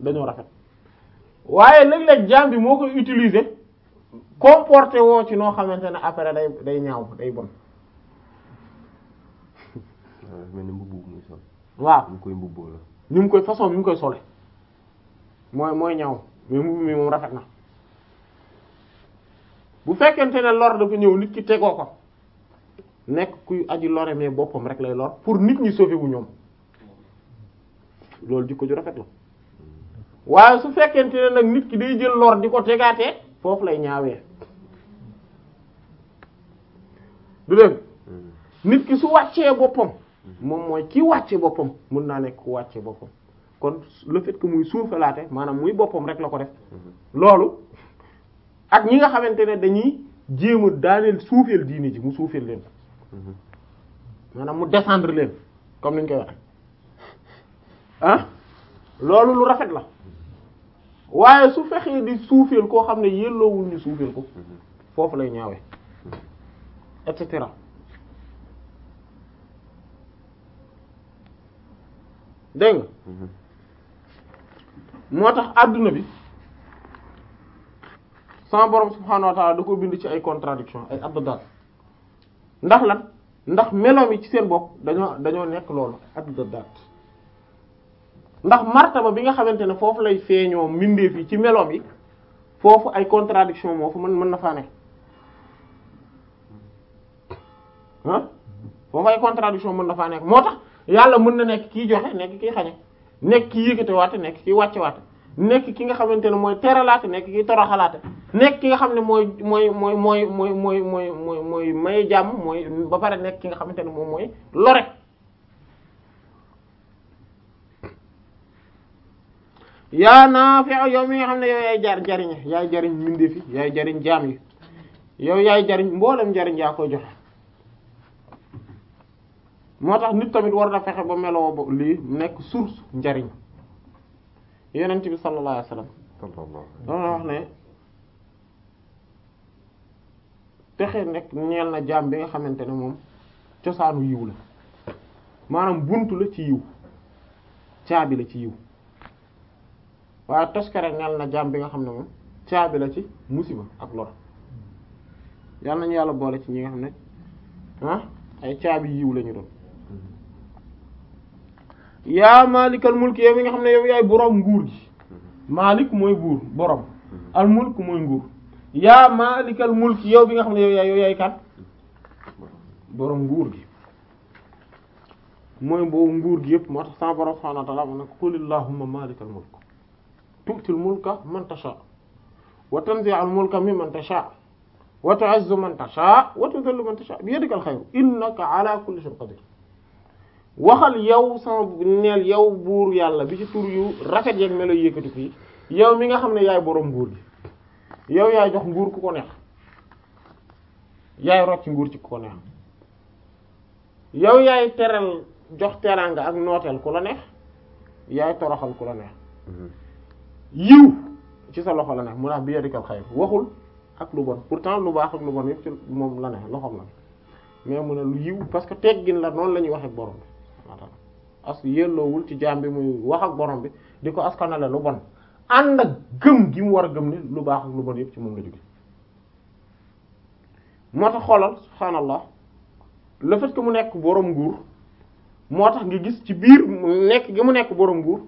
dañoo rafet waaye léeg-léeg jaam bi moo koy utiliser comporté woo ci noo xamante ne après day day ñaaw day bon. <laughs> Ah, mel ni mbubb muy waaw ñu koy mbubboo la. ñu ngi koy façon bi ñu koy sole mooy mooy ñaaw mais mbubb mi moom rafet na bu fekkente ne lor dafa ñëw nit ki tegoo ko nekk kuy aji lore mais boppam rek lay lor pour nit ñi sauver wu ñoom. loolu jikko ju rafet la waaye su fekkente ne nag nit ki day jël lor di ko tegaatee foofu lay ñaawee du dégg hmm. nit ki su wàccee boppam moom mooy ki wàcce boppam mun naa nekk ku wàcce boppam kon le fait que muy suufalaate maanaam muy boppam rek la ko def hmm. loolu ak ñi nga xamante ne dañuy jéem a daaneel suufeel diini ji mu suufeel leen hmm. maanaam mu descendre leen comme ni ñu koy waxee Ah loolu lu rafet la waaye su fexee di suufeel koo xam ne yelloowul ñu suufeel ko foofu lay ñaawee et cetera dégg nga moo tax àdduna bi sama borom subhaanahu wa ta'ala da ko bind ci ay contradiction ay abdadaat ndax lan ndax meloom yi ci seen bopp dañoo dañoo nekk loolu abdadaat ndax martaba bi nga xamante ne foofu lay feeñoo mbindeef yi ci meloom yi foofu ay contradiction moo fa mën mën na faa ne ah foofu ay mën na faa nekk moo tax yàlla mën na nekk kiy joxe nekk kiy xañe nekk ki yëkkate waate nekk ki wàcce waate nekk ki nga xamante ne mooy teralaate nekk ki toroxalaate nekk ki nga xam ne mooy mooy mooy mooy mooy mooy mooy mooy may jàmm mooy ba pare nekk ki nga xamante ne moom mooy lore yaa Naafi' yow mi nga xam ne yow yaay jar jariñ yaay jariñ mbindeef yi yaay jariñ jaam yi yow yaay jariñ mboolem njariñ yaa koy joxe moo tax nit tamit war na fexe ba meloo ba lii nekk source njariñ yonent bi sallallahu alayhi wasallam dana wax ne texe nekk ñeel na jaam bi nga xamante ne moom cosaanu yiw la maanaam bunt la ci yiw caabi la ci yiw waaye toskare ñal na jaam bi nga xam ne moom caabi la ci musiba ak lor yal nañu yàlla boole ci ñi nga xam ne ah ay caabi yiw lañu doon yaa maalikal mulk yow nga xam ne yow yaay boroom nguur gi mooy buur boroom al mulk mooy nguur yaa maalikal mulk yow bi nga xam ne yow yaay yow yaay kan boroom nguur gi mooy boobu nguur gi yëpp moo tax sa boroom subhaanahu wa ta'aala mu ne qul allahumma maalikal mulk tu'til mulka man tasha wa tanzi'ul mulka mimman tasha wa tu'izzu man tasha wa tudhillu man tasha bi yadikal xayru innaka ala kulli shay'in qadir waxal yow sama neel yow buur yàlla bi ci tur yu rafet yeeg melo yëkkati fii yow mi nga xam ne yaay boroom nguur gi yow yaay jox nguur ku ko neex yaay rocc nguur ci ku ko neex yow yaay teral jox teraanga ak nooteel ku la neex yaay toroxal ku la neex mm-hmm. yiw ci sa loxo la ne mu ah naan bi yadikal xayr waxul ak lu bon pourtant lu baax ak lu bon yëpp ci moom la ne loxoom la mais mu ne lu yiw parce que teggin la noonu la ñuy wax borom bi waaw as yelloowul ci jaam bi muy wax ak borom bi di ko askanale lu bon gi mu war a gëm lu baax ak lu bon yëpp ci moom la jóge xoolal subhaanallah le fait mu nekk borom nguur moo tax nga gis ci biir mu nekk gi mu nekk borom nguur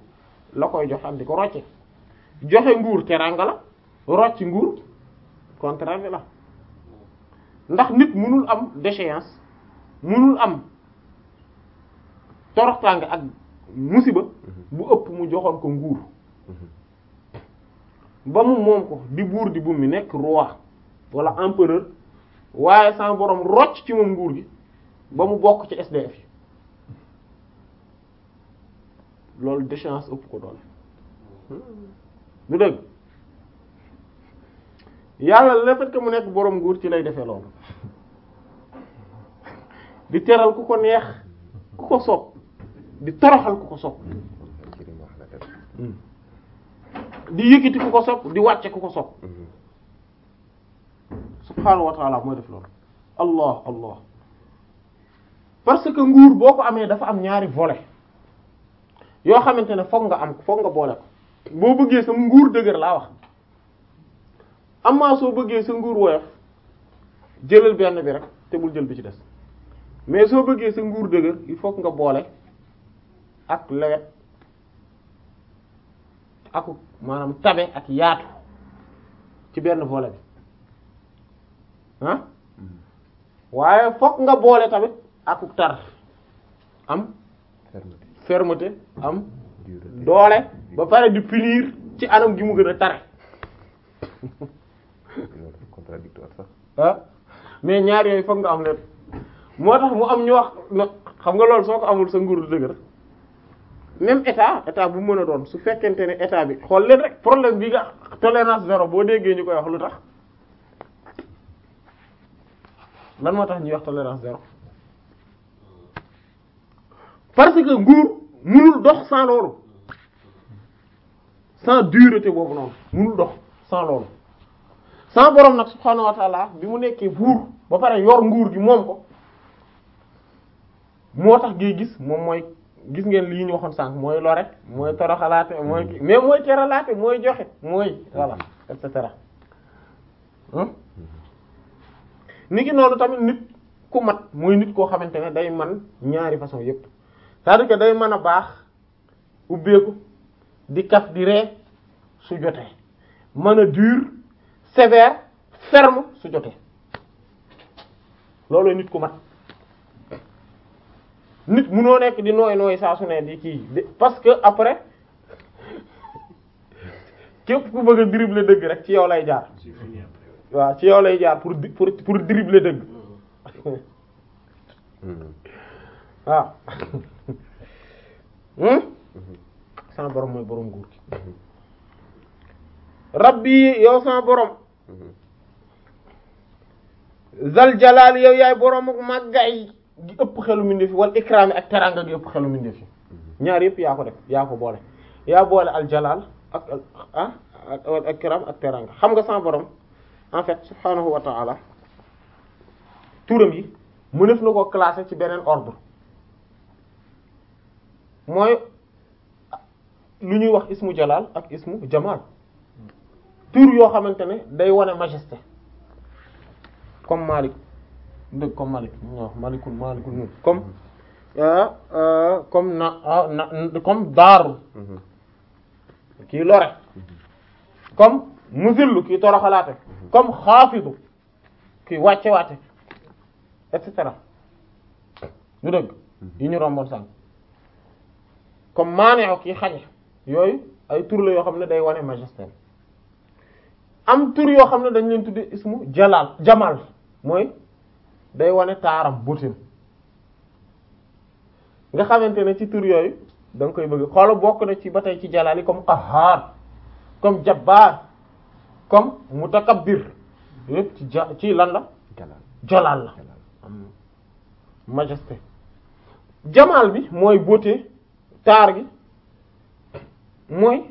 la koy jox di ko rocce joxe nguur teraanga la rocc nguur contrat la ndax nit mënul am déchéance mënul am toroxtaange ak musiba mhm. bu ëpp mu joxoon ko nguur mhm. ba mu moom ko di buur di bu mi nekk roi wala empereur waaye sama borom rocc ci moom nguur gi ba mu bokk ci SDF yi loolu déchéance ëpp ko doon mhm. lu dëgg yàlla le fait mu nekk boroom nguur ci lay defee loolu di teral ku ko neex ku ko sopp di toroxal ku ko sopp hmm. di yëkkati ku ko sopp di wàcce ku ko sopp subhaanahu wa mooy def loolu allah allah parce que nguur boo ko amee dafa am ñaari vole yoo xamante ne foog nga am foog nga boole ko boo bëggee sa nguur dëgër laa wax amaa soo bëggee sa nguur woyof jëlal benn bi rek te bul jël bi ci des mais soo bëggee sa nguur dëgër il faut nga boole ak lewet aku maanaam tabe ak yaatu ci benn boole bi ah waaye fokk nga boole tamit aku tar am fermeté am doole ba pare di punir ci anam gi mu gën a tare <laughs> contradictoire ah, mais ñaar yooyu foog nga am leen moo tax mu am ñu wax na xam nga loolu soo ko amul sa nguur dëgër même état état bu mën a doon su fekkente ne état bi xool leen rek problème bi nga tolérance zéro boo déggee ñu koy wax lu tax lan moo tax ñuy wax tolérance zéro parce que nguur mënul dox sans loolu sans dureté boobu noonu mënul dox sans loolu sans borom nag subhaanahu wa taala bi mu nekkee buur ba pare yor nguur gi moom ko moo tax ngay gis moom mooy gis ngeen lii ñu waxoon sànq mooy lore mooy toroxalaate mooy mais mooy teralaate mooy joxe mooy voilà et cetera ni ki noonu tamit nit ku mat mooy nit koo xamante ne day man ñaari façon yépp cest que day mën a baax ubbeeku di kaf di ree su jotee mën a dur sévère ferme su jotee loolu nit ku mat nit mu noo nekk di nooy nooy saa su ne di kii parce que après <laughs> képp ku bëgg a dribbler dëgg rek ci yow lay jaar waaw ci yow lay jaar pour pour pour dirible dëgg mm-hmm. <laughs> waaw <laughs> Hmm? Mm-hmm. sama borom mooy borom nguur gi mm-hmm. rabbi yow sama borom mm-hmm. zal jalal yow yaay borom ak màggay gi ëpp xelu mindeef wala ikraam ak teranga gi ëpp xelu mindeef ñaar yëpp yaa ko def yaa ko boole yaa boole al jalal ak ah wal ak teranga xam nga sama borom en fait subhanahu wa ta'ala turam yi mëneef na koo classé ci beneen ordre mooy lu ñuy wax ismu jalal ak ismu jamaal tur yoo xamante ne day wane majesté comme Malik dëgg comme Malik waaw Malikul Malikul moom comme mhm. ah, ah, comme na ah, na mhm. kii lore mhm. comme muzillu kii toroxalaate comme xaafidu kii wàcce waate et lu dëgg yi ñu romboon comme maaneo kii xañe yooyu ay tur la yoo xam ne day wane majesté am tur yoo xam ne dañ leen tudde ismu jalal jamal mooy day wane taaram butim nga xamante ne ci tur yooyu da koy bëgg xoola bokk na ci ba tey ci jalaal yi comme qahhar comme jabbaar comme mutakabbir yépp ci ja ci lan la jalaal la am majesté jamal bi mooy beauté taar gi mooy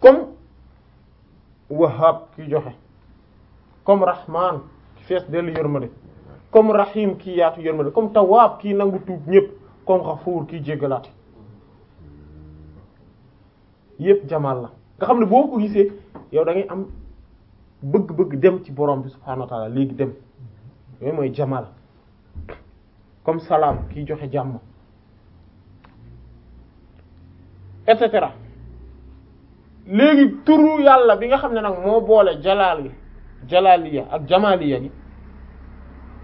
comme wahab ki joxe comme rahman ki fees dellu yërmande comme rahim ki yaatu yërmande comme tawaab ki nangu tuub ñépp comme xafuur ki jéggalaate yépp jamaal la nga xam ne boo ko gisee yow da am bëgg-bëgg dem ci borom bi subhaanahu wa ta'ala léegi dem yooyu mooy jamaal comme salaam kiy joxe jàmm et cetera léegi turu yàlla bi nga xam ne nag moo boole jalaal jalaal jalaaliya ak jamaaliya gi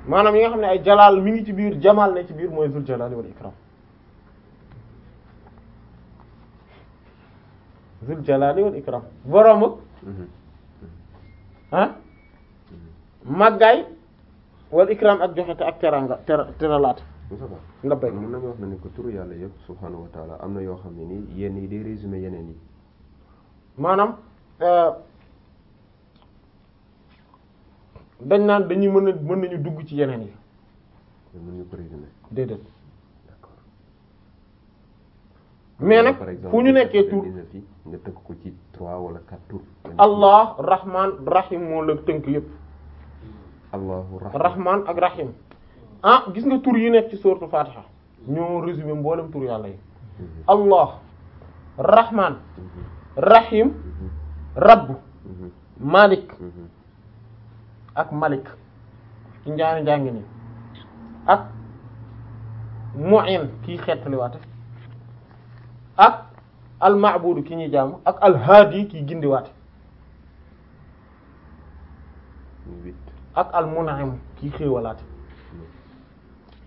maanaam yi nga xam ne ay jalaal mi ngi ci biir jamaal ne ci biir mooy zul jalaali wal ikram zul jalaali wal ikram boroom ak ah màggaay wal ikram ak joxe ak teranga teralaat Moustapha nga bay mun nañu wax na ne ko turu yàlla yëpp subhaanahu wa am na yoo xam ne nii yenn yi day résumé yeneen yi maanaam euh, dañ naan dañuy mën a mën nañu dugg ci yeneen yi mën ñu ko résumé déedéet d'accord mais nag fu ñu nekkee tur nga tënk ko ci trois wala quatre tur allah rahman rahim moo la tënk yëpp allahu rahman ak rahim ah gis nga tur yi nekk ci sourate Fatiha ñoo résumé mboolem tur yàlla yi allah rahman rahim rabb malik ak malik ci njaari njaangi ni ak mu'in kii xeetaliwaate ak al ki ñuy jaamu ak al hadi kii gindiwaate ak al mun'im xéewalaate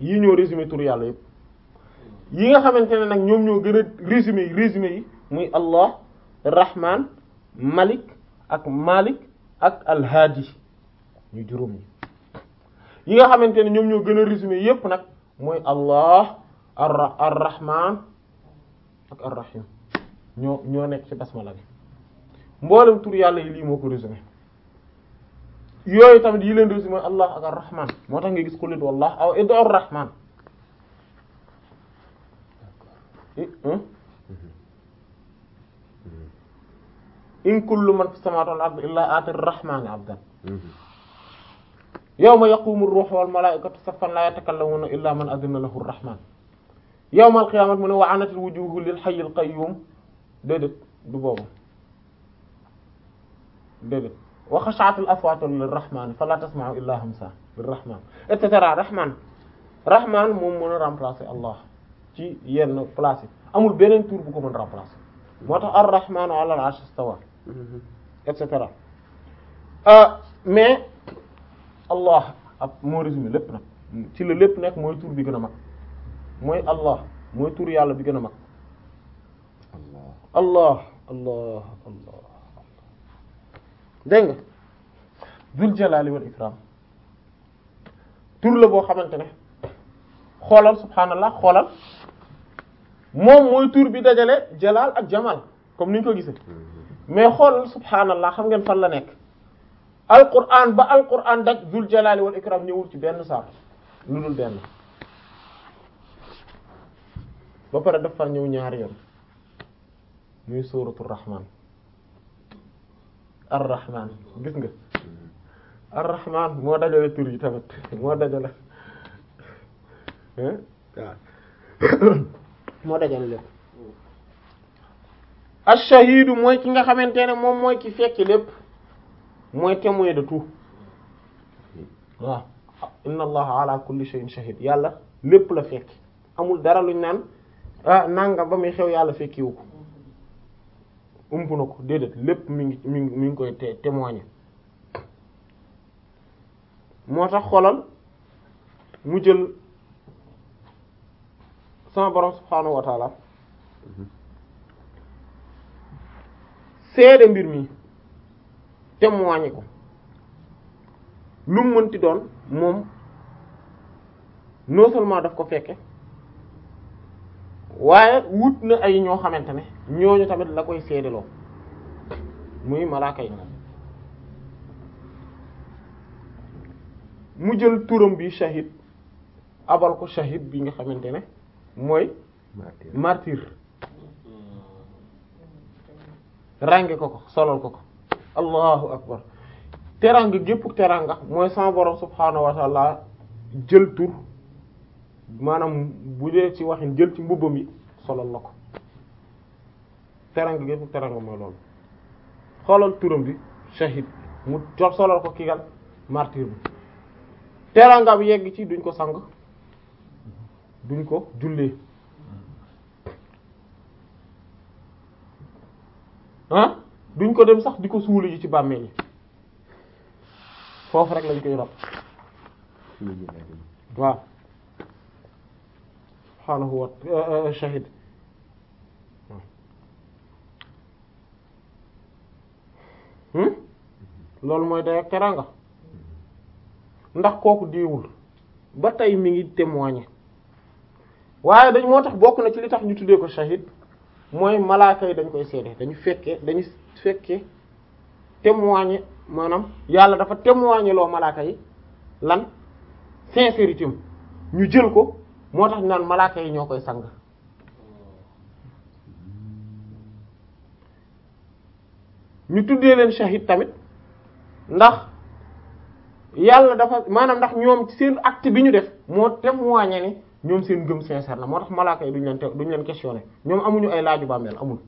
yi ñoo résumé tur yàlla yëpp yi nga xamante ne nag ñoom ñoo gën a résumé yi résumé yi muy allah rahman malik ak malik ak alhaadi ñu juróom yi yi nga xamante ne ñoom ñoo gën a résumé yépp nag mooy allah ar arrahman ak arrahim ñoo ñoo nekk ci basmala bi mboolem tur yàlla yi lii moo ko résumé yooyu tamit yi leen di si mooy allah ak arrahman moo tax nga gis xulit wallah aw iddu arrahman hmm? in kullu man fi samawati wal ardi illa ati arrahmani abdan yawma yaqumu ruuhu wal malaa'ikatu saffan laa yatakallamuna illa man adina lahu arrahman yawma alqiyamati mu ne wa anatil wujuhu lil hayyil qayyum déedéet du boobu déedéet wa xashaatil aswaatu lirrahmaan falaa tasma'u illaa hamsa lirrahmaan et cetera rahmaan rahmaan moom mën a remplacer allah ci yenn place yi amul beneen tur bu ko mën moo tax ar-rahmaanu ala al-arshi istawa euh, mais allah ab moo résumé lépp nag ci la lépp nekk mooy tur bi gën a mag mooy allah mooy tur yàlla bi gën a mag allah dégg nga dul jalali wal ikram tur la boo xamante ne xoolal subhaanallah xoolal moom mooy tur bi dajale jalal ak jamal comme ni ñu ko gisee mm-hmm. mais xoolal subhaanallah xam ngeen fan la nekk al alquran ba alquran daj dul jalali wal ikram ñëwul ci benn saar lu dul benn ba pare daf far ñëw ñaari yoon muy suratul rahman ar-rahman gis nga ar-rahman moo dajale tur yi tamit moo dajale la moo dajale lépp ash-shahidu mooy ki nga xamante ne moom mooy ki fekk lépp mooy témoin de tu waaw inna allaha ala kulli shay'in shahid yàlla lépp la fekk amul dara luñ naan ah nanga ba muy xew yàlla fekkiwu ko ump na ko déedéet lépp mi ngi mi ngi mi ngi koy te témoigner moo tax xolal mu jël sama borom subhaanahu wa seede mbir mi témoigner ko lu mu mënti doon moom non seulement daf ko fekke waaye wut na ay ñoo xamante ne ñooñu tamit la koy seedeloo muy malaaka yi mu jël turam bi shahid abal ko shahid bi nga xamante ne mooy martyr rànge ko ko solol ko ko allahu akbar teranga gépp teranga mooy sama borom subhaanahu wa jël tur maanaam bu dee ci waxin jël ci mbubbam yi solal la ko teranga gépp teranga mooy loolu xoolal turam bi shahid mu jox solal ko kigal martyr bi teranga bi yegg ci duñ ko sang duñ ko jullee ah duñ ko dem sax di ko suuli ji ci bàmmeel yi foofu rek lañ koy rab waaw subhaanahu wa euh, euh, shahid hmm? loolu mooy day ak ndax kooku diwul ba tey mi ngi témoigner waaye dañ moo tax bokk na ci li tax ñu tuddee ko shahid mooy malaaka yi dañ koy seede dañu fekkee dañu fekkee témoigner maanaam yàlla dafa témoigner loo malaaka yi lan sincérité ñu jël ko moo tax naan malaaka yi ñoo koy sang ñu tuddee leen shahid tamit ndax yàlla dafa maanaam ndax ñoom seen acte bi ñu def moo te témoigné ni ñoom seen gëm sincère na moo tax malaaka yi duñ leen duñ leen questionné ñoom amuñu ay laaju bàmmeel amul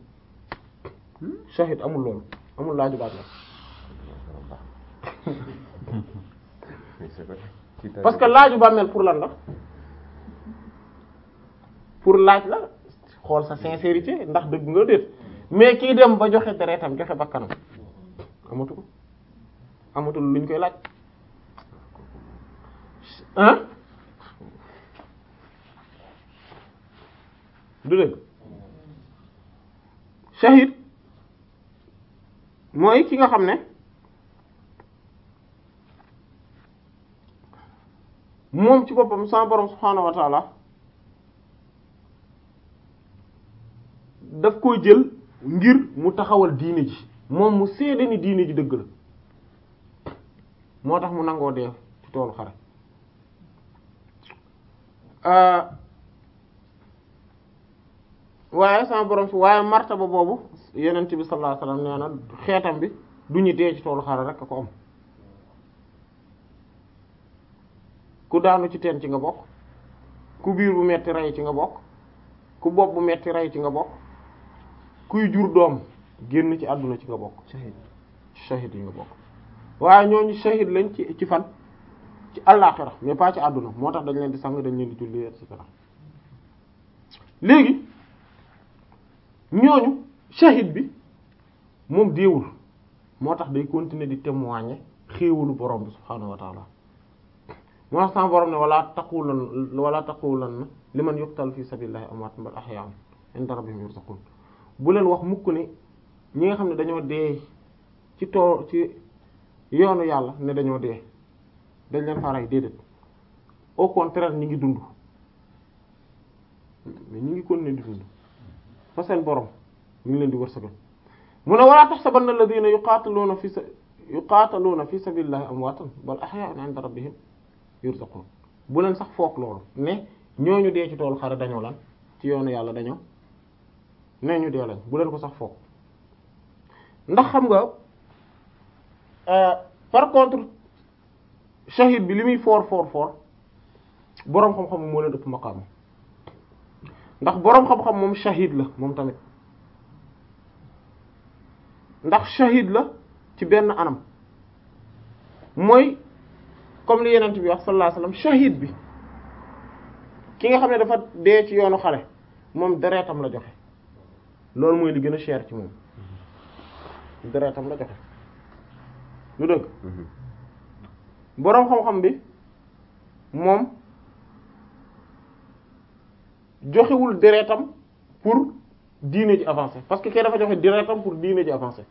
shahid amul loolu amul laaju bàmmeel <laughs> parce que laaju bàmmeel pour lan la pour laaj la xool sa sincérité ndax dëgg nga déet mais kii dem ba joxe deretam joxe bakkanam amatul amatul luñ koy laaj ah du dëgg shahid mooy ki nga xam ne moom ci boppam sa borom subhaanahu wa ta'ala daf koo jël ngir mu taxawal diine ji moom mu seede ni diine ji dëgg la moo tax mu nangoo dee ci toolu xare ah, waaye sama borom si waaye martaba boobu yonent bi sallallahu alayhi nee na xeetam bi du ñu dee ci toolu xare rek a ko am ku daanu ci teen ci nga bokk ku biir bu metti rey ci nga bokk ku bopp bu metti rey ci nga bokk kuy jur doom génn ci àdduna ci nga bokk shahid shahid yi nga bokk waaye ñooñu shahid lañ ci fan ci àllaaxira mais pas ci àdduna moo tax dañ leen di sang dañ leen di julli et cetera léegi ñooñu shahid bi moom déewul moo tax day continuer di témoigner xéewalu borom bi subhaanahu wa taala moo tax sama borom ne wala taqulan wala taqulan liman yuqtal fi sabilillahi amwaatun bal ahyaa'un inda rabbihim yurzaqun bu leen wax mukk ni ñi nga xam ne dañoo dee ci tool ci yoonu yàlla ne dañoo dee dañ leen faray déedéet au contraire ñi ngi dund mais ñi ngi continuer di dund fa seen borom ñu ngi leen di wërsëgal mu ne walaa tahsabanna alladhina yuqataluna fi sa yu yuqataluna fi sabilillahi amwatan bal ahya'un 'inda rabbihim yurzaqun bu leen sax foog loolu ne ñooñu dee ci toolu xare dañoo lan ci yoonu yàlla dañoo ne ñu dee lañ bu leen ko sax foog ndax xam nga euh, par contre shahid bi li muy foor foor foor boroom xam-xam moo leen ëpp maqaam ndax boroom xam-xam moom shahid la moom tamit ndax shahid la ci benn anam mooy comme li yenent bi wax sallallahu alayhi wasallam bi ki nga xam ne dafa dee ci yoonu xare moom deretam la joxe loolu mooy li gën a cher ci moom deretam la joxe lu dëgg mhm. boroom xam-xam bi moom joxewul deretam pour diine ji avancer parce que kay dafa joxe deretam pour diine ji avancer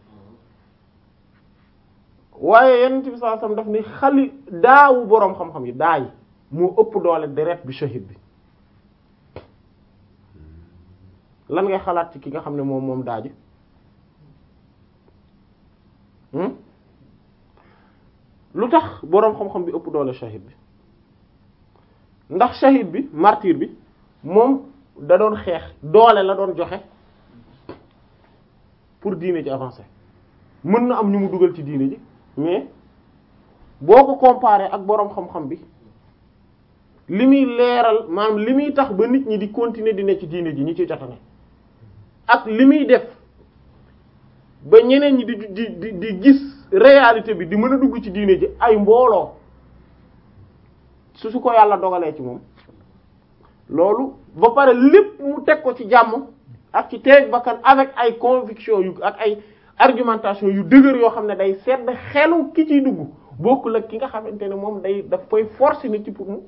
waaye yenn ci bi saa sam daf ni xali daawu boroom xam-xam yi daa yi moo ëpp doole deret bi shahid bi lan ngay xalaat ci ki nga xam ne moom moom daaji hmm? lu tax boroom xam-xam bi ëpp doole shahid bi ndax shahid bi martyr bi moom da doon xeex doole la doon joxe pour diine ji avancer mën na am ñu mu dugal ci diine ji mais boo ko comparé ak boroom xam-xam bi li muy leeral maanaam li muy tax ba nit ñi di continuer di ne ci diine ji ñi ci jotane ak li muy def ba ñeneen ñi di di di di gis réalité bi di mën a dugg ci diine ji ay mbooloo su su ko yàlla dogalee ci moom loolu ba pare lépp mu teg ko ci jàmm ak ci teeg bakkan avec ay conviction yu ak ay argumentation yu dëgër yoo xam ne day sedd xelu ki ciy dugg bokkul ak ki nga xamante ne moom day daf koy forcer nit ci pour mu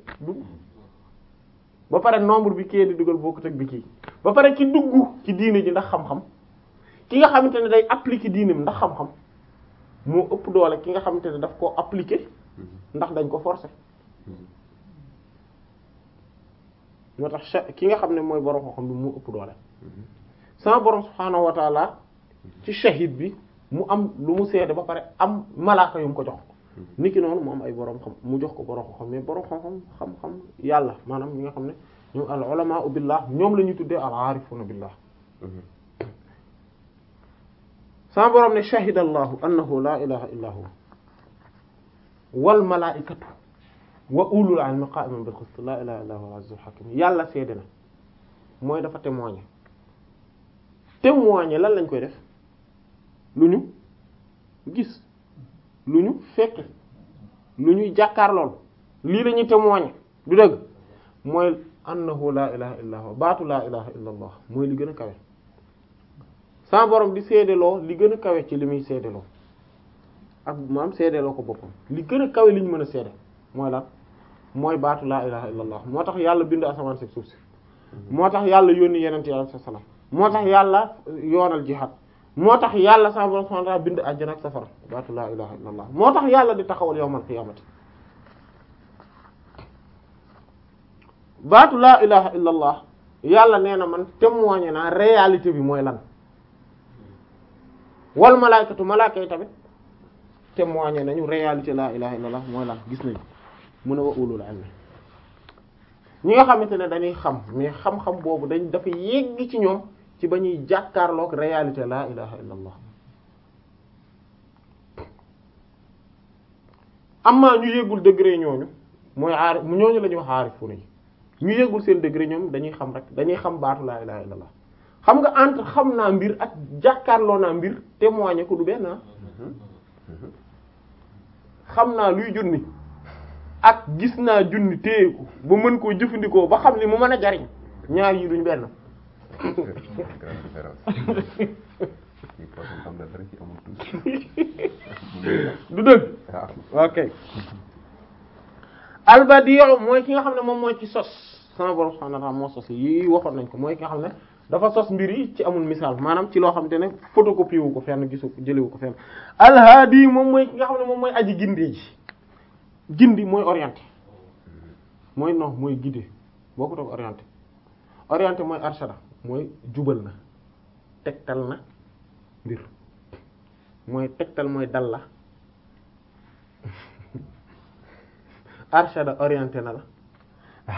ba pare nombre bi kii di dugal bokkut ak bi kii ba pare ci dugg ci diine ji ndax xam-xam ki nga xamante ne day appliquer diine bi ndax xam-xam moo ëpp doole ki nga xamante ne daf koo appliquer mhm. ndax dañ ko forcer mhm. moo tax ki nga xam ne mooy borom xam bi moo ëpp doole mhm. sama borom subhaanahu wa ci shahid bi mu am lu mu seede ba pare am malaaka yu ko jox niki noonu mu am ay borom xam mu jox ko borom xam mais borom xam-xam xam-xam yàlla maanaam ñi nga xam ne ñoom al ulama billah ñoom la ñu tuddee al aarifuna billah sama borom ne shahida allahu annahu la ilaha illa hu wal malaikatu wa ulul ilmi qa'iman bil qist la yàlla seede na mooy dafa témoigner témoigner lan lañ koy def lu ñu gis lu ñu fekk lu ñuy jàkkaarlool lii lañuy ñuy témoigner du dëgg mooy annahu laa ilaha illa huwa baatu laa ilaha illa mooy li gën a kawe sa borom di seedeloo li gën a kawe ci li muy seedeloo ak maam seedeloo ko boppam li gën a kawe li ñu mën a seede mooy la mooy baatu laa ilaha illa moo tax yàlla bind asamaan si suuf si moo tax yàlla yónni yenente yi alayhi salaam moo tax yàlla yoonal jihaad moo tax yàlla sa borom subhanahu wa ta'ala bind àjjana ak safara baatu laa ilaha illallah moo tax yàlla di taxawal yawmal qiyaamati baatu laa ilaha illallah yàlla nee na man témoigné naa réalité bi mooy lan wal malaykatu malaaka yi tamit témoigné nañu réalité laa ilaha illallah mooy lan gis nañu mu ne wa ulul ilmi ñi nga xamante ne dañuy xam mais xam-xam boobu dañ dafa yegg ci ñoom ci ba ñuy jàkkaarlook réalité laa ilaha illallah amma ñu yëgul degré ñooñu mooy aarif ñooñu la ñuy wax aarifuuna yi ñu yëgul seen degré ñoom dañuy xam rek dañuy xam baatu laa ilaha illallah xam nga entre xam naa mbir ak jàkkaarloo naa mbir témoigner ko du benn ah. xam naa luy junni ak gis naa junni téye ko ba mën koo jëfandikoo ba xam li mu mën a jariñ ñaar yi duñ benn du <laughs> dëgg ok albadiu mooy ki nga xam ne moom mooy ci sos sama borom subhanahu wa ta'ala moo sos yi waxoon nañ ko mooy ki nga xam ne dafa sos mbir yi ci amul misaal maanaam ci loo xam te ne photocopie wu ko fenn gisu jëlewu ko fenn alhaadi moom mooy ki nga xam ne moom mooy aji gindi ji gindi mooy orienté mooy non mooy guidé boo ko toog orienté orienté mooy arshada mooy jubal na tegtal na mbir mooy tegtal mooy dal la <laughs> arshada orienté na la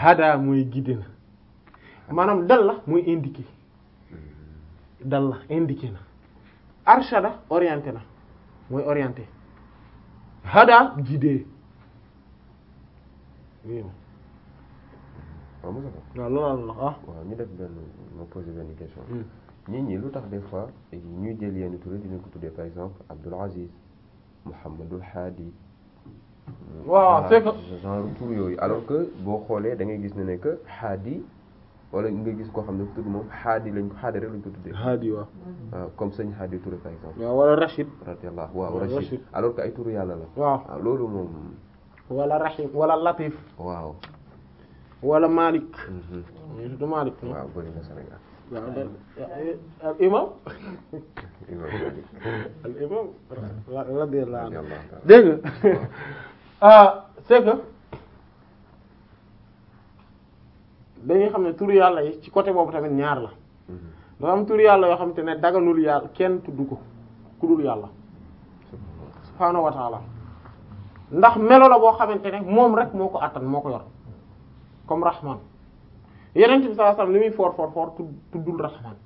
hada mooy guidé na maanaam dal la mooy indiqué dal la indiqué na arshada orienté na mooy orienté hada guidé waaw mos a waaw loolu ñu def benn ma posé benn question. Hmm. nit ñi lu tax des fois ñuy jël yenn tur dinañ ko tuddee par exemple Abdoul Aziz Mouhamadul Hadi. waaw c'est que genre tur yooyu alors que boo xoolee da ngay gis ne ne que Hadi wala nga gis koo xam ne tudd moom Hadi lañ ko Hadi lañ ko tuddee. Hadi waaw. Ah, comme sëñ Hadi Touré par exemple. waaw wala Rachid. radiyallahu waaw Rachid alors que ay turu yàlla la. waaw ah, loolu moom. wala Rachid wala Latif. waaw. wala Malik. Mhm. du Malik. waaw bëri imam. dégg nga ah, dañuy xam ne tur yàlla yi ci côté boobu tamit ñaar la. Mhm. dafa am tur yàlla yoo xam te ne dagalul yàlla kenn tudd ko ku dul yàlla. subhaanahu wa ndax melo la boo xamante ne moom rek moo ko attan moo ko yor. comme rahman yeneen bi sallallahu alayhi wasallam li muy for for for tuddul rahman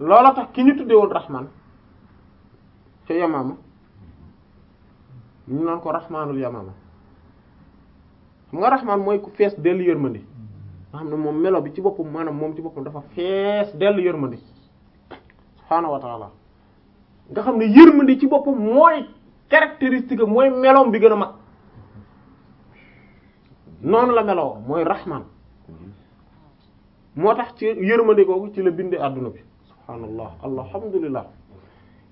loola tax ki ñu tuddewoon rahman ca yamaama ñu naan ko rahmanul yamaama xam nga rahman mooy ku fees dell yërmande nga xam ne moom melo bi ci boppam maanaam moom ci boppam dafa fees dell yërmande subhaanahu wa nga xam ne yërmande ci boppam mooy caractéristique mooy meloom bi gën a mag noonu la meloo mooy rahman moo tax ci yërmande googu ci la bindee àdduna bi subhaanallah alhamdulillah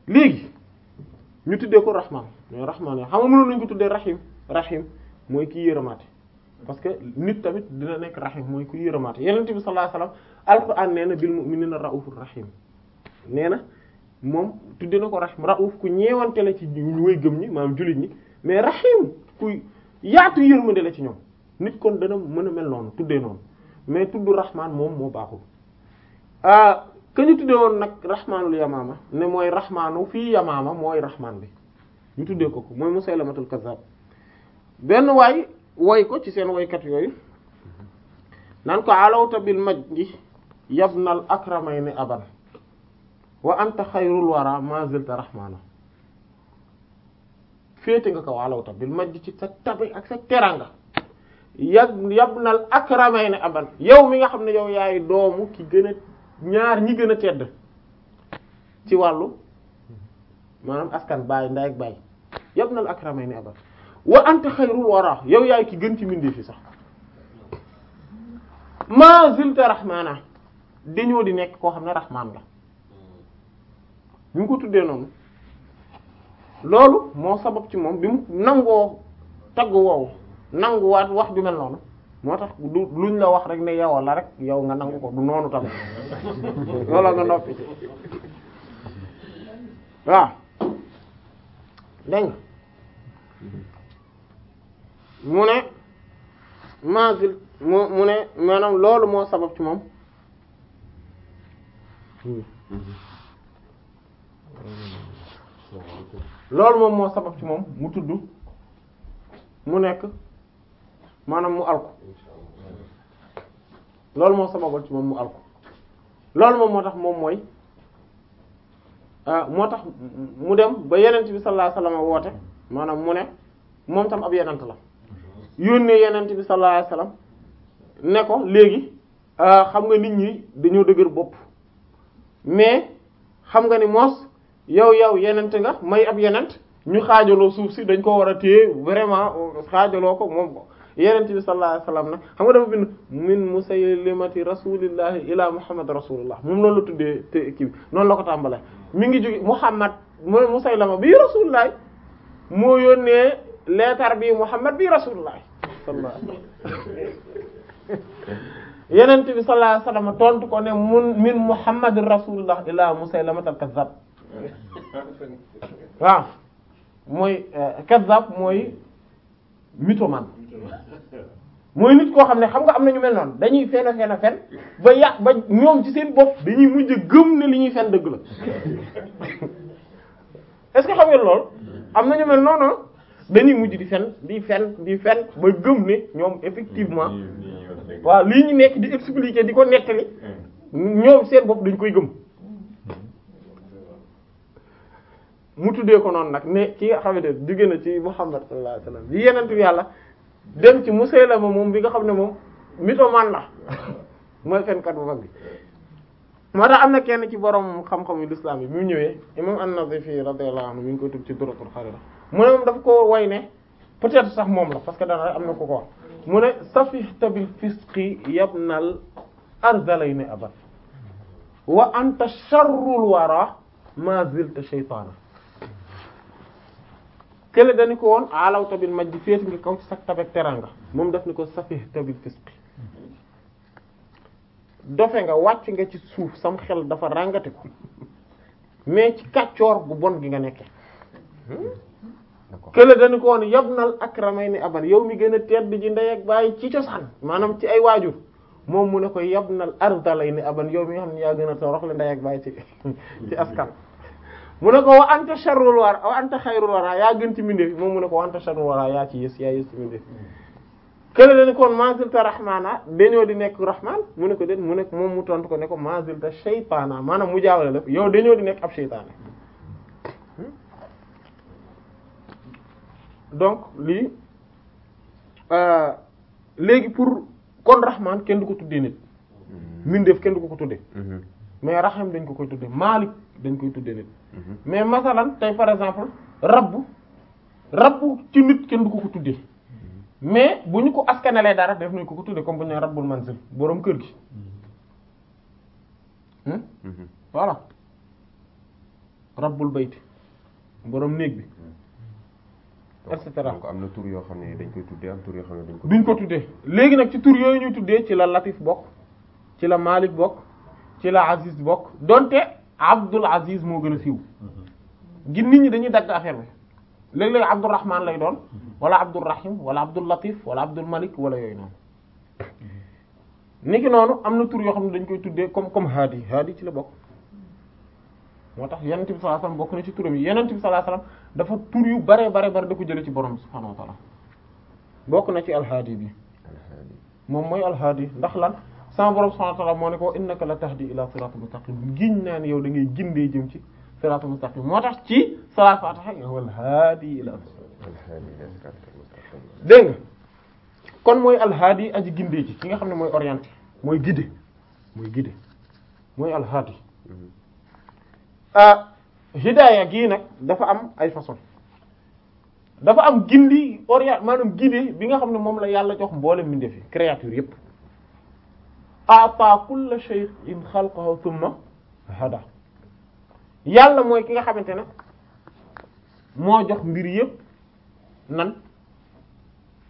léegi ñu tuddee ko rahman mooy rahman yoo xam nga mënoon nañu ko tuddee rahim rahim mooy kii yërëmaate parce que nit tamit dina nekk rahim mooy ku yërëmaate yenent bi sallallahu alayhi wasallam alquran nee na bil mu'minina raufur rahim nee na moom tuddee na ko rahim rauf ku ñeewante la ci ñu way gëm ñi maanaam jullit ñi mais rahim ku yaatu yërmande la ci ñoom nit kon dana mën a mel noonu tuddee noonu mais tudd rahmaan moom moo baaxul ah ka ñu tuddee woon nag rahmaanul yamaama ne mooy rahmaanu fii yamaama mooy rahmaan bi ñu tuddee ko ko mooy musaylamatul kazzab benn waay woy ko ci seen woykat yooyu naan ko alawta bil majdi yabnal akramayni aban wa anta xayrul wara ma zilta rahmaana féete nga ko alawta bil majdi ci sa tabe ak sa teranga ya yabnal akramayni aban yow mi nga xam ne yow yaay doomu ki gën a ñaar ñi gën a tedd ci wàllu maanaam askan baay ndaay ak baay yabnal akramayni aban wa anta xayrul wara yow yaay ki gën ci mbindee fi sax ma zilta rahmaana dañoo di nekk koo xam ne rahmaan la bi ko tuddee noonu loolu moo sabab ci moom bi mu nangoo tagg wow nanguwaat wax ju mel noonu moo tax du luñ la wax rek ne yow la rek yow nga nangu ko du noonu tamit walla <laughs> nga noppi waaw dégg mu ne maazil mu mu ne maanaam loolu moo sabab ci moom loolu moom moo sabab ci moom mu tudd mu nekk maanaam mu alku loolu moo sababoon ci moom mu alku loolu moom moo tax moom mooy ah, moo tax mu dem ba yenent bi sallallahu alayhi wasallam woote maanaam mu ne moom tam ab yenent la yónnee yenent bi sallallahu alayhi ne ko léegi ah, xam nga nit ñi dañoo dëgër bopp mais xam nga ni moos yow yow yenent nga may ab yenent ñu xaajaloo suuf si dañ ko war a téye vraiment xaajaloo ko moom yonent bi sallallahu alayhi na xam nga dafa bind min musaylimati rasulillahi ila muhammad rasulullah moom loolu la tuddee te la ko tàmbalee mi ngi jóge muhammad mooy musaylama bii rasulullah moo yónnee leetar bi muhammad bi rasulullah sallallahu alayhi wasallam <laughs> yenent tontu ko ne mun min muhammad rasulullah ila musaylamatal kazzab <laughs> mooy eh, kazzab mooy mythomane mooy nit koo xam ne xam nga am na ñu mel noonu dañuy fen a fen a fen ba yàq ba ñoom ci seen bopp dañuy mujj gëm ne li ñuy fen dëgg la <laughs> est-ce que xam nga loolu am na ñu mel noonu dañuy mujj di fen di fen di fen ba gëm ne ñoom effectivement waaw lii ñu nekk di expliquer di ko nettali ñoom seen bopp dañ koy gëm mu tuddee ko noonu nag ne ki nga xamante ne jóge na ci Muhammad sallallahu alayhi wasallam yeneen yenentu yàlla dem ci Musaylama moom bi nga xam ne moom mythomane la <laughs> mooy fenkat bu mag bi moo tax am na kenn ci borom xam-xam yu lislaam yi mu ñëwee imam an-Nazifi radiyallahu anhu mi ngi koy tudd ci Duratul Kharira mu ne moom daf ko way ne peut-être sax moom la parce que dana am na ko ko wax mu ne safihta bil fisqi yabnal ardalayni abad wa anta sharrul wara ma zilta shaytaana kële dañu ko woon alaw tabil majdi féeti nga kaw ci sax tabek teranga moom def ni ko safih tabil fisqi dofe nga wàcc nga ci suuf sam xel dafa ràngate ko mais ci kàccoor gu bon gi nga nekke kële dañu ko woon yabnal akramayni aban yow mi gën a tedd ji ndey ak bàyyi ci cosaan maanaam ci ay waajur moom mu ne ko yabnal ardalay ni aban yow mi nga xam ne yaa gën a torox la ndey ak bàyyi ci <laughs> ci askan mu ne ko wa anta sharrul wara wa anta xayrul wara yaa gën ci mbindeef moom mu ne ko wa anta sharrul wara yaa ci yës yaa yës ci mbindeef kële leen kon mazilta rahmaana dañoo di nekk rahmaan mu ne ko déet mu ne moom mu tontu ko ne ko mazilta shaytaana maanaam mu jaawale lépp yow dañoo di nekk ab shaytaane donc lii euh, léegi pour kon rahmaan kenn du ko tuddee nit mm-hmm. mbindeef kenn du ko ko tuddee mm-hmm. mais raxam dañ ko koy tuddee maalik dañ koy tuddee nit mhm. mais masalan tey par exemple rabbu rabbu ci nit kenn du ko ko tudde mhm. mais bu ñu ko askanalee dara def nañ ko ko tuddee comme bu ñu rabbul manzil boroom kër gi mhm. Hmm? voilà rabbul bayt boroom néeg bi et cetera donc am na tur yoo xam ne dañ koy tuddee am tur yoo xam ne ko. tuddee léegi nag ci tur yooyu ñuy tuddee ci la Latif bokk ci la Malik bokk ci la Aziz bokk donte Abdul Aziz moo gën a siw gi nit ñi dañuy dagg affaire bi léeg-léeg Abdurrahman lay doon wala Abdurrahim wala Abdul Latif wala Abdul Malik wala yooyu noonu niki noonu am na tur yoo xam ne dañ koy tuddee comme comme Hadi Hadi ci la bokk moo tax Yonent bi sallallahu bokk na ci turam yi Yonent bi sallallahu alayhi wasallam dafa tur yu bare bare bare da ko jële ci borom subhaanahu wa ta'ala bokk na ci alhaadi bi moom mooy alhaadi ndax lan sama borom subhanahu wa ta'ala moo ne ko innaka la tahdi ila siratal mustaqim giñ naa ne yow da ngay gindee jëm ci siratal mustaqim moo tax ci salaat fatiha nga wal haadi ila dégg nga kon mooy alhaadi aji gindee ci ki nga xam ne mooy orienté mooy guidé mooy guidé mooy alhaadi ah hidaaya gii nag dafa am ay façon dafa am gindi orient maanaam guidé bi nga xam ne moom la yàlla jox mboole mbindeef yi créature yépp ata kulla shay'in xalqahu thumma hada yàlla mooy ki nga xamante ne moo jox mbir yépp nan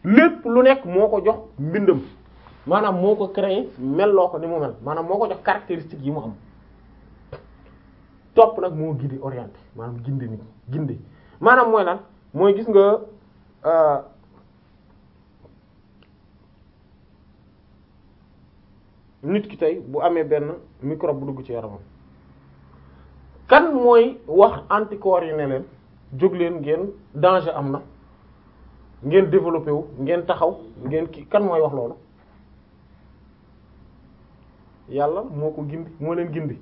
lépp lu nekk moo ko jox mbindam maanaam moo ko créé melloo ko ni mu mel maanaam moo ko jox caractéristiques yi mu am topp nag moo gindi orienté maanaam gindi nit gindi maanaam mooy lan mooy gis nga euh, nit ki tey bu amee benn microbe bu dugg ci yaramam kan mooy wax anticorps yi ne leen jóg leen ngeen danger am na ngeen développé wu ngeen taxaw ngeen ki kan mooy wax loolu yàlla moo ko gindi moo leen gindi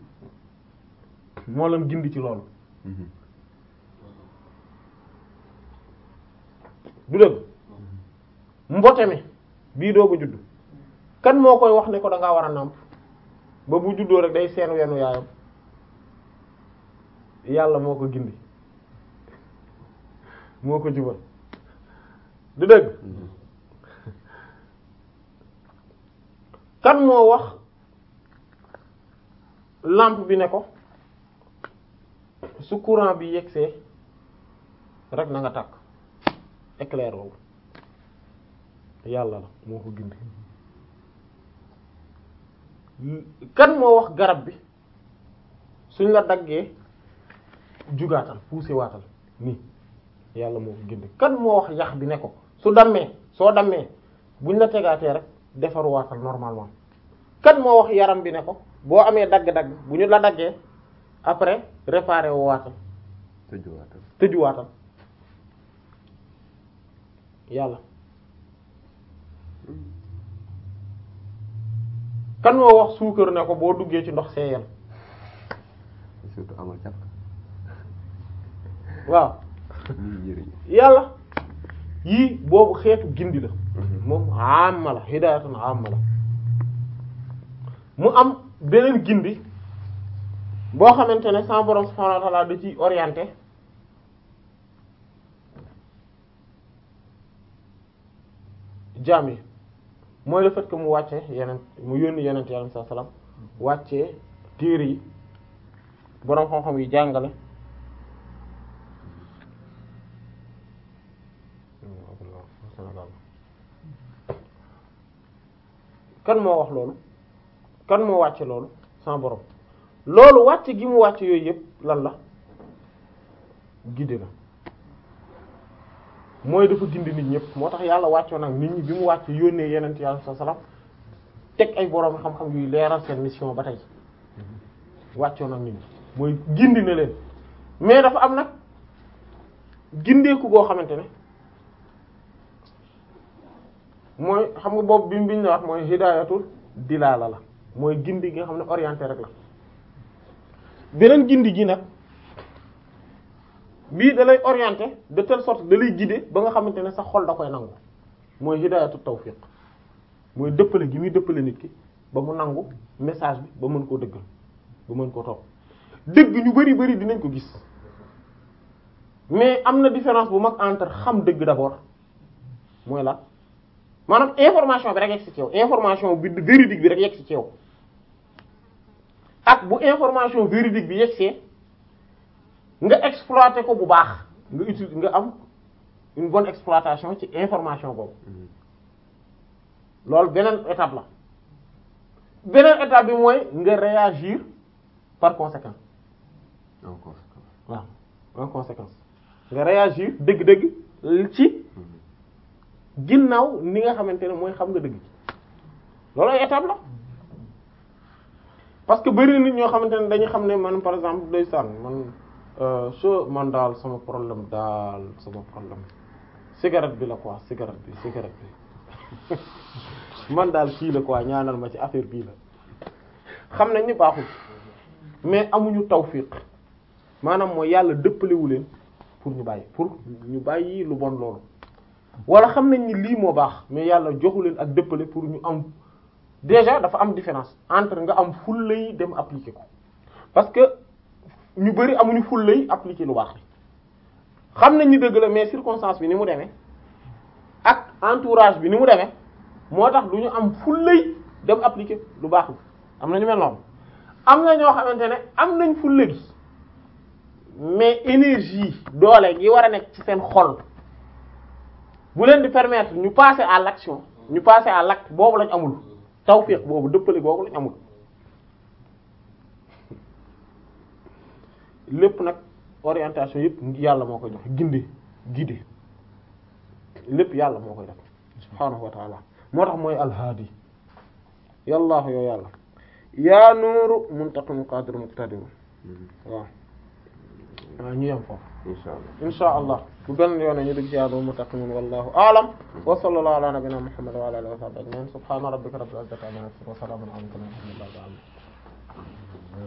moo leen gindi ci loolu mhm. du dëgg mbote mi bii doo ko judd kan moo koy wax ne ko da war a nàmp ba bu juddoo rek day seen weenu yaayam yàlla moo ko gindi moo ko jubal du dëgg kan moo wax làmp bi ne ko su courant bi yegsee rek na nga tàkk éclaire woowu yàlla la moo ko gindi kan moo wax garab bi suñ la daggee jugaatal poussé waatal nii yàlla moo ko génne kan moo wax yax bi ne ko su dammee soo dammee buñ la tegaatee rek defar waatal normalement kan moo wax yaram bi ne ko boo amee dagg-dagg bu ñu la daggee après réparer wu waatal tëjuwaatal tëjuwaatal yàlla kan wax suukar ne ko boo duggee ci ndox seeyal waaw yàlla yii boobu xeetu gindi la mhm. moom amma la hidayatun amma la mu am beneen gindi boo xamante ne sa borom subhanahu wa da ciy orienté jaam yi mooy le fait mu wàcce yeneen mu yónni yeneen yàlla sallallahu alayhi wasallam wàccee téere yi boroom xam-xam yi jàngale kan moo wax loolu kan moo wàcce loolu sans borom loolu wàcce gi mu wàcce yooyu yëpp lan la gidde la mooy dafa gindi nit ñëpp moo tax yàlla wàccoon ak nit ñi bi mu wàcc yónnee yeneen ci yàlla sa salaam teg ay borom xam-xam yuy leeral seen mission ba tey wàccoon ak nit ñi mooy gindi na leen mais dafa am nag gindeeku goo xamante ne mooy xam nga boobu bi mu biñ la wax mooy hidayatul dilaala la mooy gindi gi nga xam ne orienté rek la beneen gindi gi nag. bii dalay lay orienter de telle sorte da lay guider ba nga xamante ne sa xol da koy nangu mooy hidaayatu tawfiq mooy dëppale gi muy dëppale nit ki ba mu nangu message bi ba mën koo dëggal ba mën koo topp dëgg ñu bari bari dinañ ko gis mais am na différence bu mag entre xam dëgg d'abord mooy la maanaam information bi rek yegg ci yow information bi véridique bi rek yegg si ci yow ak bu information véridique bi yegg nga exploiter ko bu baax nga utiliser nga am une bonne exploitation ci information boobu loolu beneen étape la beneen étape bi mooy nga réagir par conséquent en conséquence waaw en conséquence nga réagir dëgg-dëgg ci ginnaaw ni nga xamante ne mooy xam nga dëgg loolu ay étape la parce que bari nit ñoo xamante ne dañu xam ne man par exemple doy sànn man Euh, so man daal sama problème daal sama problème cigarette bi la ko cigarette bi cigarette bi <laughs> man daal kii la quoi ñaanal ma ci affaire bii la xam nañ ni baaxul mais amuñu tawfiq maanaam mooy yàlla dëppalewu leen pour ñu bàyyi pour ñu bàyyi lu bon loolu wala xam nañ ni lii moo baax mais yàlla joxu leen ak dëppale pour ñu am déjà dafa am différence entre nga am fulla yi dem appliquer ko parce ñu bari amuñu ful lay appliquer lu baax bi xam nañ ni dëgg la mais circonstance bi ni mu demee ak entourage bi ni mu demee moo tax du ñu am ful lay dem appliquer lu baax bi am na ñu mel noonu am na ñoo xamante ne am nañ fulla gi mais énergie doole gi war a nekk ci seen xol bu leen di permettre ñu passer à l'action ñu passer à l'acte boobu lañ amul tawfiq boobu dëppale boobu lañ amul lépp nag orientation yëpp yàlla moo koy jox gindi gide lépp yàlla moo koy def subhaanahu wa taala moo tax mooy alhaadi yallaahu yow yàlla yaa nuuru muntaqim qadir muqtadir waaw waaw ñu yem foofu insha allah insha allah bu benn yoon ñu dugg ci yaa nuuru muntaqim wallahu a'lam wa sallallahu ala nabina muhammad wa ala alihi wa sahbihi ajma'in subhaana rabbika rabbil izzati amma yasifun wa salaamun ala al mursalin